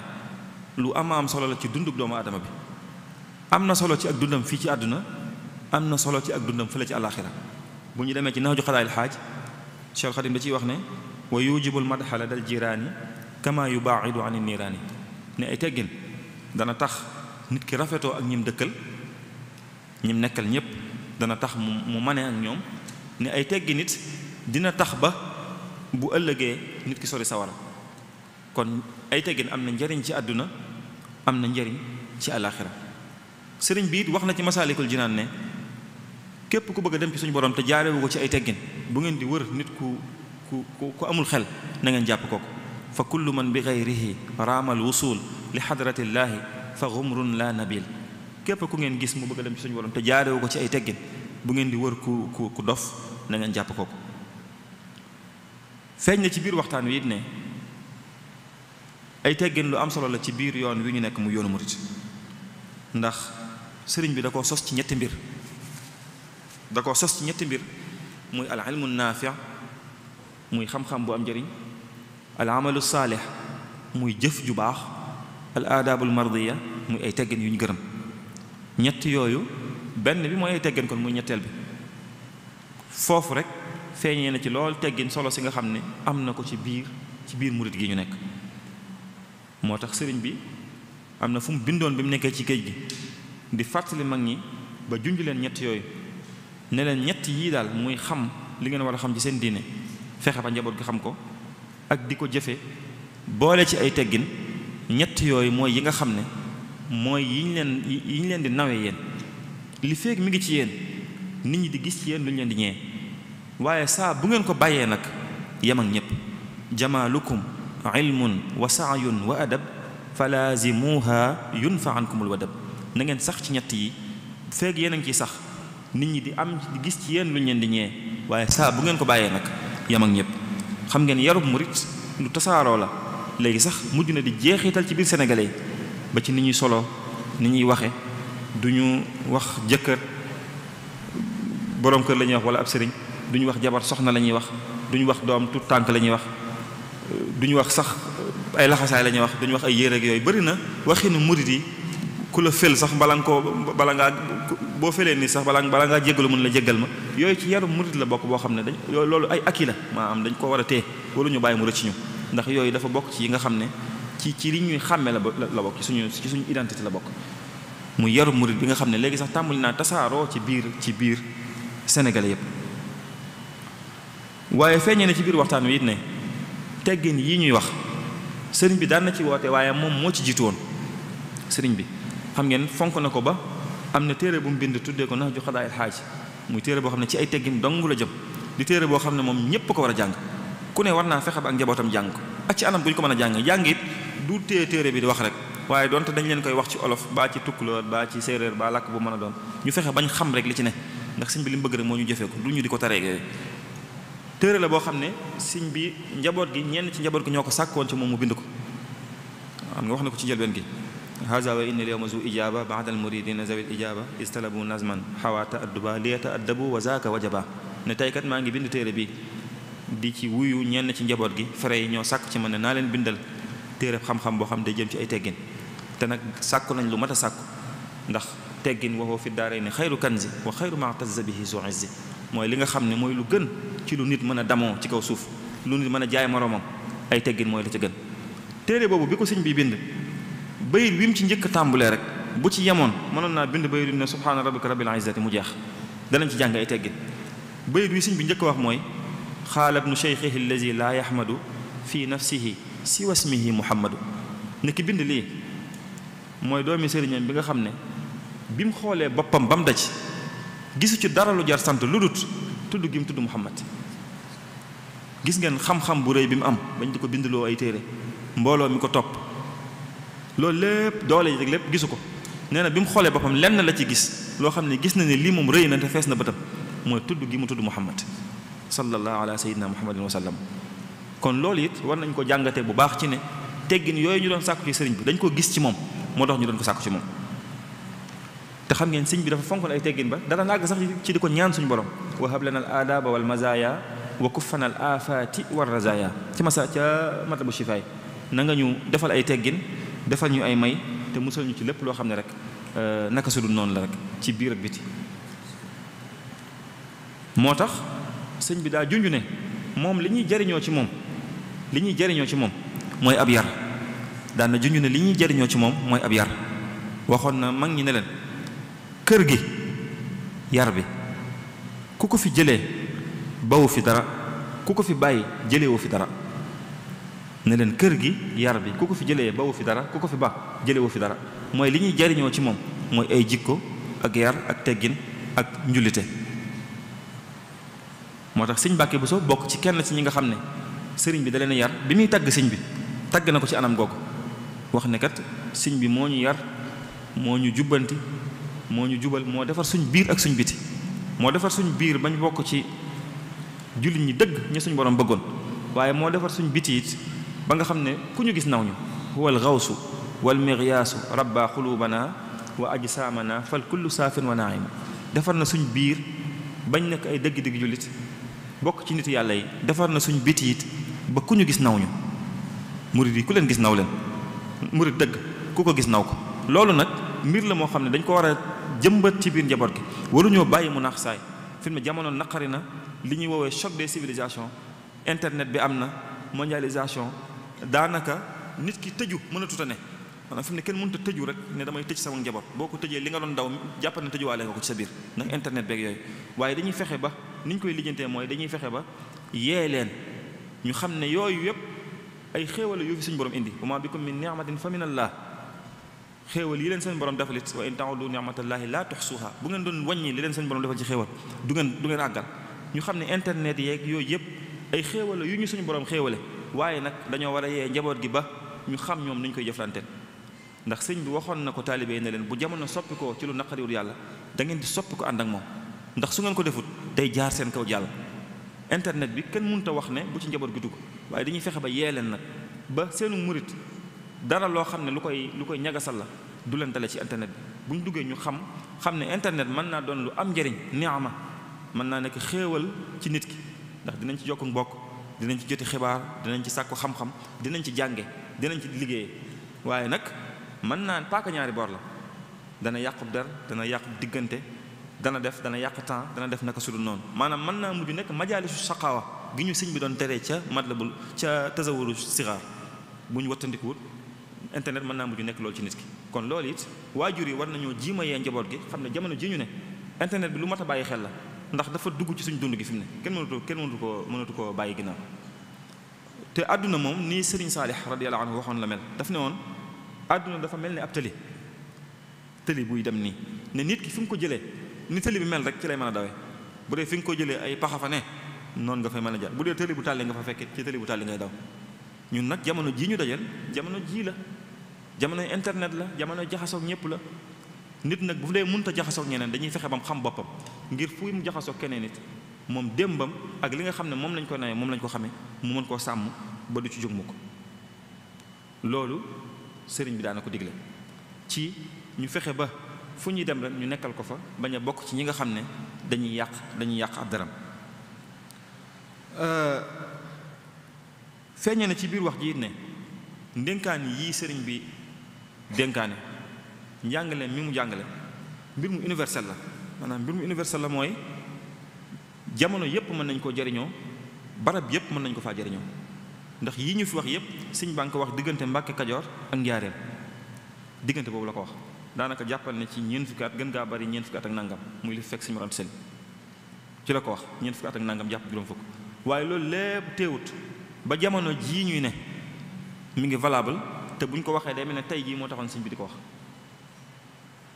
lu ama am solo la ci dundub doomu aadama bi am na solo ci ak dundam fii ci àdduna am na solo ci ak dundam ci àllaaxira bu ñu demee ci naxaju xadaayil xaaj Cheikh Xadim da ciy wax ne wa yujibul madxala dal jiraani kama yubaaxidu an niiraani ne ay teggin dana tax nit ki rafetoo ak ñim dëkkal ñim nekkal ñépp dana tax mu mu mane ak ñoom ne ay teggi nit dina tax ba bu ëllëgee nit ki sori sawara kon ay teggin am na njariñ ci àdduna am na njariñ ci àllaaxira sëriñ bi wax na ci masaalikul jinaan ne képp ku bëgg a dem ci suñu borom te jaarewu ko ci ay teggin bu ngeen di wër nit ku ku ku amul xel na ngeen jàpp kooku fa kullu man bi gayrihi raamal wusul li xadratillaahi fa xumrun la nabil képp ku ngeen gis mu bëgg a dem ci suñu borom te jaarewu ko ci ay teggin bu ngeen di wër ku ku ku dof na ngeen jàpp kooku feeñ na ci biir waxtaan wi it ne ay teggin lu am solo la ci biir yoon wi ñu nekk muy yoonu murit ndax sëriñ bi da koo sos ci ñetti mbir da koo sos ci ñetti mbir muy al ilmu naafi muy xam-xam bu am njëriñ al amalu saalih muy jëf ju baax al aadaabul mardiya muy ay teggin yu ñu gërëm ñett yooyu benn bi mooy teggin kon muy ñetteel bi foofu rek feeñee na ci lool teggin solo si nga xam ne am na ko ci biir ci biir murit gi ñu nekk moo tax sëriñ bi am na fu mu bindoon bi mu nekkee ci géej gi di fàttali mag ñi ba junj leen ñett yooyu ne leen ñett yii daal muy xam li ngeen war a xam ci seen diine fexe ba njaboot gi xam ko ak di ko jëfe boole ci ay teggin ñett yooyu mooy yi nga xam ne mooy yi ñu leen yi leen di nawee yéen li feeg mu ngi ci yéen nit ñi di gis ci yéen lu ñu leen di ñee waaye saa bu ngeen ko bàyyee nag yem ak ñépp jamaalukum ilmun wa saayun wa adab falaazimuha yunfa ankumul wadab na ngeen sax ci ñett yi feeg yéen a ngi sax nit ñi di am gis ci yéen lu leen di ñee waaye saa bu ngeen ko bàyyee nag yem ak ñépp xam ngeen yarub murit lu tasaaroo la léegi sax mujj na di jeexital ci biir sénégalais ba ci ni ñuy solo ni ñuy waxe du ñu wax jëkkër boroom kër la wax wala ab sëriñ du ñu wax jabar soxna la ñuy wax du ñu wax doom tout tànk la ñuy wax euh, du ñu wax sax euh, ay laxasaay la ñuy wax du ñu wax ay yére ak yooyu bëri na waxinu murit yi ku la fel sax bala nga koo bala ngaa boo felee nii sax bala bala ngaa jéggalu mun la jéggal ma yooyu ci yarum murit la bokk boo xam ne dañ loolu ay akki la maanaam dañ ko war a téye ñu bàyyi mu rëcc ñu ndax yooyu dafa bokk ci yi nga xam ne ci ci li ñuy xàmmee la la bokk ci suñu ci suñu identité la bokk mu yaru murit bi nga xam ne léegi sax tàmbali naa tasaaroo ci biir ci biir Sénégal yépp waaye feeñee ne ci biir waxtaan wi it ne yi ñuy wax sëriñ bi daan na ci woote waaye moom moo ci jiitu woon sëriñ bi xam ngeen fonk na ko ba am na téere bu mu bind tuddee ko nax ju xadaayil xaaj muy téere boo xam ne ci ay teggin dong la jëm di téere boo xam ne moom ñépp ko war a jàng ku ne war naa fexe b njabootam jàng ci anam bu ko mën a jàng jàng du téye téere bi di wax rek waaye donte dañ leen koy wax ci olof baa ci tukkuloor baa ci séeréer baa làkk bu mën a doon ñu fexe bañ xam rek li ci ne ndax sëñ bi li mu bëgg rek moo ñu jëfee ko du ñu di ko taree téere la boo xam ne sëñ bi njaboot gi ñenn ci njaboot gi ñoo ko sàkkoon ci moom mu bind ko am nga wax na ko ci njëlbeen gi haza wa inna lyawma zu ijaba ba'da al muridina zawil ijaba istalabu nazman hawa ta'adduba li ta'addabu wa zaka wajaba ne tey maa ngi bind téere bi di ci wuyu ñenn ci njaboot gi fere yi ñoo sàkk ci mën ne naa leen bindal téere xam-xam boo xam day jëm ci ay teggin te nag sàkku nañ lu mat a sàkku ndax teggin waxoo fi daaray ne xayru kanzi wa xayru matazza bihi zu izzi mooy li nga xam ne mooy lu gën ci lu nit mën a damoo ci kaw suuf lu mën a jaay moroomam ay teggin mooy la ca gën téere boobu bi ko sëñ bi bind bayit wi mu ci njëkk tàmbulee rek bu ci yemoon mënoon naa bind bayit wi ne subhaana rabbika rabbil izzati mu jeex danañ ci jàng ay teggin bayit wi sëñ bi njëkk wax mooy xaala bnu cheikhihi allazi laa yaxmadu fi nafsihi si wasmihi muhammadu ne ki bind lii mooy doomi sëriñam bi nga xam ne bi mu xoolee boppam ba mu daj gisu ci dara lu jar sant lu dut tudd gi mu tudd muhammad gis ngeen xam-xam bu rëy bi mu am bañ di ko bindloo ay téere mbooloo mi ko topp loolu lépp doole yi lépp gisu ko nee na bi mu xoolee boppam lenn la ci gis loo xam ne gis na ne lii moom rëy na te fees na bëtam mooy tudd gi mu tudd muhammad sallallahu ala sayyidina muhammadin wa sallam kon loolu it war nañ ko jàngatee bu baax ci ne teggin yooyu ñu doon sàkku ci sëriñ bi dañ ko gis ci moom moo tax ñu doon ko sàkku ci moom te xam ngeen sëñ bi dafa fonkoon ay teggin ba dara nag sax ci di ko ñaan suñu borom wa hab lana al aadaaba wal mazaya wa kuffana al aafati war masa ca mata bu shifaay na nga ñu defal ay teggin defal ñu ay may te musal ñu ci lépp loo xam ne rek euh, naka su noonu la rek ci biir ak biti moo tax sëñ bi daa junj ne moom li ñuy jariñoo ci moom li ñuy jariñoo ci moom mooy ab yar daan na junj ne li ñuy jariñoo ci moom mooy ab yar waxoon na mag ñi ne leen kër gi yar bi ku ko fi jëlee bawu fi dara ku ko fi bàyyi jëlewu fi dara ne leen kër gi yar bi ku ko fi jëlee bawu fi dara ku ko fi ba jëlewu fi dara mooy li ñuy jariñoo ci moom mooy ay jikko ak yar ak teggin ak njullite moo tax sëñ bu so bokk ci kenn ci ñi nga xam ne sëriñ bi dalee na yar bi muy tàgg sëñ bi tàgg na ko ci anam googu wax ne kat sëñ bi moo ñu yar moo ñu jubbanti moo ñu jubal moo defar suñ biir ak suñ biti moo defar suñ biir bañ bokk ci jullit ñi dëgg suñ borom bëggoon waaye moo defar suñ biti ba nga xam ne ku ñu gis naw ñu huwal gawsu wal miryaasu rabba xuluubana wa ajsaamana fal kullu saafin wa naim defar na suñ biir bañ nekk ay dëgg-dëgg jullit bokk ci nit yàlla yi defar na suñu biti ba ku ñu gis naw ñu murid yi ku leen gis naw leen murid dëgg ku ko gis naw ko loolu nag mbir la moo xam ne dañ ko war a jëmbat ci biir njaboot gi waruñoo bàyyi mu naax saay fi mu jamono naqari na li ñu woowee choc des civilisations internet bi am na mondialisation daanaka nit ki tëju mënatut a ne maanaam kenn mënut a tëju rek ne damay tëj sama njaboot boo ko tëjee li nga doon daw jàpp ne tëjuwaale nga ko ci sa biir ndax internet beeg yooyu waaye dañuy fexe ba ni ñu koy lijjantee mooy dañuy fexe ba yee leen ñu xam ne yooyu yëpp ay xéewal yu fi suñu borom indi wa ma bikum min ni'matin fa min allah xéewal yi leen seen borom defalit wa in ta'udu ni'matallahi la tuhsuha bu ngeen doon wàññi li leen seen borom defal ci xéewal du ngeen du ngeen ñu xam ne internet yeeg yooyu yëpp ay xéewal yu ñu suñu borom xéewale waaye nag dañoo war a yee njaboot gi ba ñu xam ñoom nañ koy jëflanteen ndax sëñ bi waxoon na ko taalibe yi ne leen bu jamono soppi ko ci lu naqariwul yàlla da ngeen di soppi ko ànd ak moom ndax su ngeen ko defut day jaar seen kaw jàll internet bi kenn mënut a wax ne bu ci njaboot gi dugg waaye dañuy fexe ba yee leen nag ba seenu murit dara loo xam ne lu koy lu koy ñagasal la du leen dale ci internet bi bu ñu duggee ñu xam xam ne internet mën naa doon lu am njariñ ma mën naa nekk xéewal ci nit ki ndax dinañ ci jokk mbokk dinañ ci joti xibaar dinañ ci sàkku xam-xam dinañ ci jànge dinañ ci liggéeye waaye nag mën naa paaka ñaari boor la dana yàqub der dana yàqub diggante dana def dana yàq temps dana def naka sudul noonu maanaam mën naa mujj nekk majaalisu saqaawa gi ñu sëñ bi doon teree ca la bul ca tasawuru sigaar bu ñu wattandikuwut internet mën naa mujj nekk lool ci nit ki kon loolu it waajur yi war nañoo jiima yee njaboot gi xam ne jamono ji ñu ne internet bi lu mat a bàyyi xel la ndax dafa dugg ci suñ dund gi fi mu ne kenn mënatu kenn mënatu koo mënatu koo bàyyi ginnaaw te àdduna moom nii Serigne Saalix radiyallahu anhu waxoon la mel daf ne woon àdduna dafa mel ne ab tëli dem nii ne nit ki fi ko jëlee ni tëli bi mel rek ci lay mën a dawe bu dee fi nga ko jëlee ay paxa fa ne noonu nga fay mën a jaar bu dee tëli bu tàlli nga fa fekkee ci tëli bu tàlli ngay daw ñun nag jamono jii ñu dajal jamono ji la jamono internet la jamono jaxasoog ñëpp la nit nag bu dee mënut a jaxasoog ñeneen dañuy fexe bam xam boppam ngir fu mu keneen nit moom démbam ak li nga xam ne moom lañ ko nawee moom lañ ko xamee mu mën koo sàmm ba du ci jóg mu ko loolu sëriñ bi daana ko digle fexe ba fu ñuy dem rek ñu nekkal ko fa bañ a bokk ci ñi nga xam ne dañuy yàq dañuy yàq ab daram euh, feeñe na ci biir wax ji ne ndénkaan yii sëriñ bi dénkaane njàngale mi mu jàngale mbir mu universel la maanaam mbir mu universel la mooy jamono yépp mën nañ koo jariñoo barab yépp mën nañ ko fa jariñoo ndax yii ñu fi wax yépp sëñ baa ngi ko wax diggante Mbàkke Kajoor ak Njaareem diggante boobu la ko wax daanaka jàppal ne ci ñeent fukki at gën gaa bari ñeent fukki at ak nangam muy li fekk si moroom ci la ko wax ñeent fukki at ak nangam jàpp juróom fukk waaye loolu lépp teewut ba jamono jii ñuy ne mu ngi valable te bu ñu ko waxee day mel ne tey jii moo taxoon siñ bi di ko wax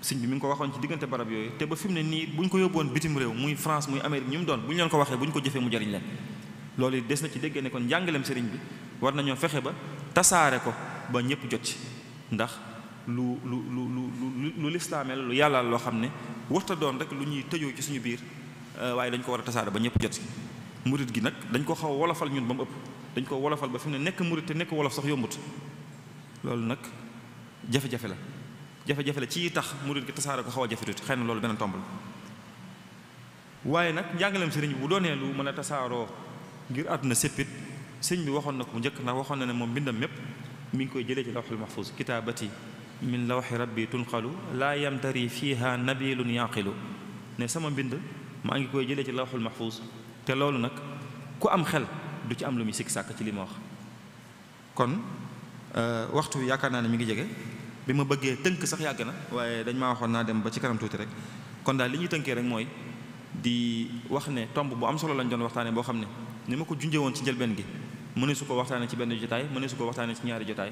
sëñ bi mi ngi ko waxoon ci diggante barab yooyu te ba fi mu ne nii bu ñu ko yóbboon bitim réew muy France muy Amérique ñu mu doon bu ñu leen ko waxee bu ñu ko jëfee mu jariñ leen loolu des na ci déggee ne kon njàngaleem sëriñ bi war nañoo fexe ba tasaare ko ba ñëpp jot ci ndax lu lu lu lu lu yàlla loo xam ne warta doon rek lu ñuy tëjoo ci suñu biir euh, waaye dañ ko war a tasaare ba ñëpp jot si murit gi nag dañ ko xaw wolofal ñun ba mu ëpp dañ ko wolofal ba fi ne nekk murit te nekk wolof sax yombut loolu nag jafe-jafe la jafe-jafe la ci tax murit gi tasaare ko xaw a jafe xëy na loolu benn tomb la waaye nag njàngaleem sëriñ bu doonee lu mën a tasaaroo ngir àdduna séppit sëñ bi waxoon na ko mu njëkk ndax waxoon na ne moom mbindam mépp mi ngi koy jëlee ci lawxul mahfuz kitaabati min lawxi rabbi tunqalu laa yamtari fiha nabilun yaqilu ne sama mbind maa ngi koy jëlee ci lawxul mahfuus te loolu nag ku am xel du ci am lu muy sikk sàkk ci li ma wax kon euh, waxtu yaakaar naa ne mi ngi jege bi ma bëggee tënk sax yàgg na waaye dañ maa waxoon naa dem ba ci kanam tuuti rek kon daal li ñuy tënkee rek mooy di wax ne tomb bu am solo lañ doon waxtaane boo xam ne ni ma ko junjee woon ci njëlbeen gi mëneesu ko waxtaane ci benn jotaay su ko waxtaane ci ñaari jotaay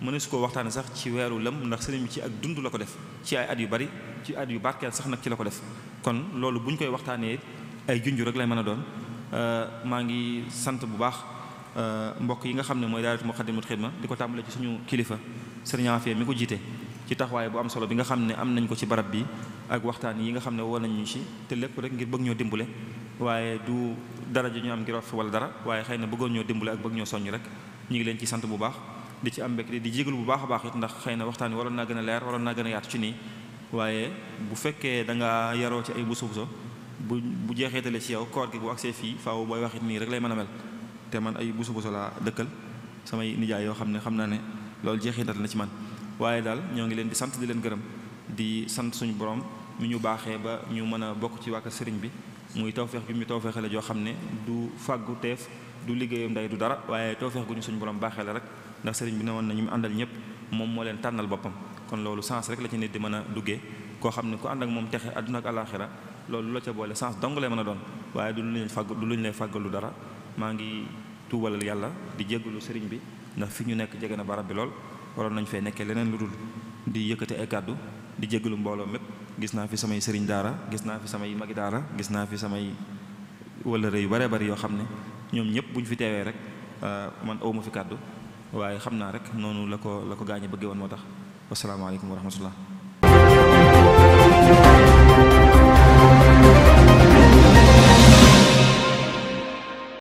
mënees koo waxtaane sax ci weeru lëm ndax sëriñ bi ci ak dund la ko def ci ay at yu bari ci at yu barkeel sax nag ci la ko def kon loolu bu ñu koy waxtaanee ay junj rek lay mën a doon euh, maa ngi sant bu baax euh, mbokk yi nga xam ne mooy daayiratu Muxaddamatul Xidma di ko tàmbale ci suñu kilifa sëriñ Afia mi ko jiite ci taxawaay bu am solo bi nga xam ne am nañ ko ci barab bi ak waxtaan yi nga xam ne woo ñu ci te lépp rek ngir bëgg ñoo dimbale waaye du dara ju ñu am ngir wax dara waaye xëy na bëggoon ñoo dimbale ak bëgg ñoo soññ rek ñu ngi leen ci sant bu baax di ci am mbégte di jégalu bu baax a baax ndax xëy na waxtaan wi waroon naa gën a leer waroon naa gën a yaatu ci nii waaye bu fekkee da nga yaroo ci ay busu buso bu bu jeexeetale ci yow koor gi bu agsee fii faw booy waxit nii rek lay mën a mel te man ay busu buso laa dëkkal samay nijaay yoo xam ne xam naa ne loolu jeexeetal na ci man waaye daal ñoo ngi leen di sant di leen gërëm di sant suñu borom mu ñu baaxee ba ñu mën a bokk ci wàkka sëriñ bi muy tawfeex bi mu tawfeexale joo xam ne du fàggu teef du liggéeyam nday du dara waaye tawfeex gu ñu suñu borom baaxee la rek ndax sëriñ bi ne woon na ñu mu àndal ñëpp moom moo leen tànnal boppam kon loolu sens rek la ci nit di mën a duggee koo xam ne ku ànd ak moom texe àdduna ak àlaxira loolu la ca boole sens dong lay mën a doon waaye du luñ fàgg du luñ lay fàggalu dara maa ngi tuubalal yàlla di jéggalu sëriñ bi ndax fi ñu nekk jege na barab bi lool waroon nañ fee nekkee leneen lu dul di yëkkati ay kàddu di jéggalu mbooloo mépp gis naa fi samay sëriñ daara gis naa fi samay magi daara gis naa fi samay wëllëre yu baree bari yoo xam ne ñoom ñëpp bu ñu fi teewee rek euh, man awma fi kàddu waaye xam naa rek noonu la ko la ko gaañ a bëggee woon moo tax wasalaamaaleykum wa rahmatullah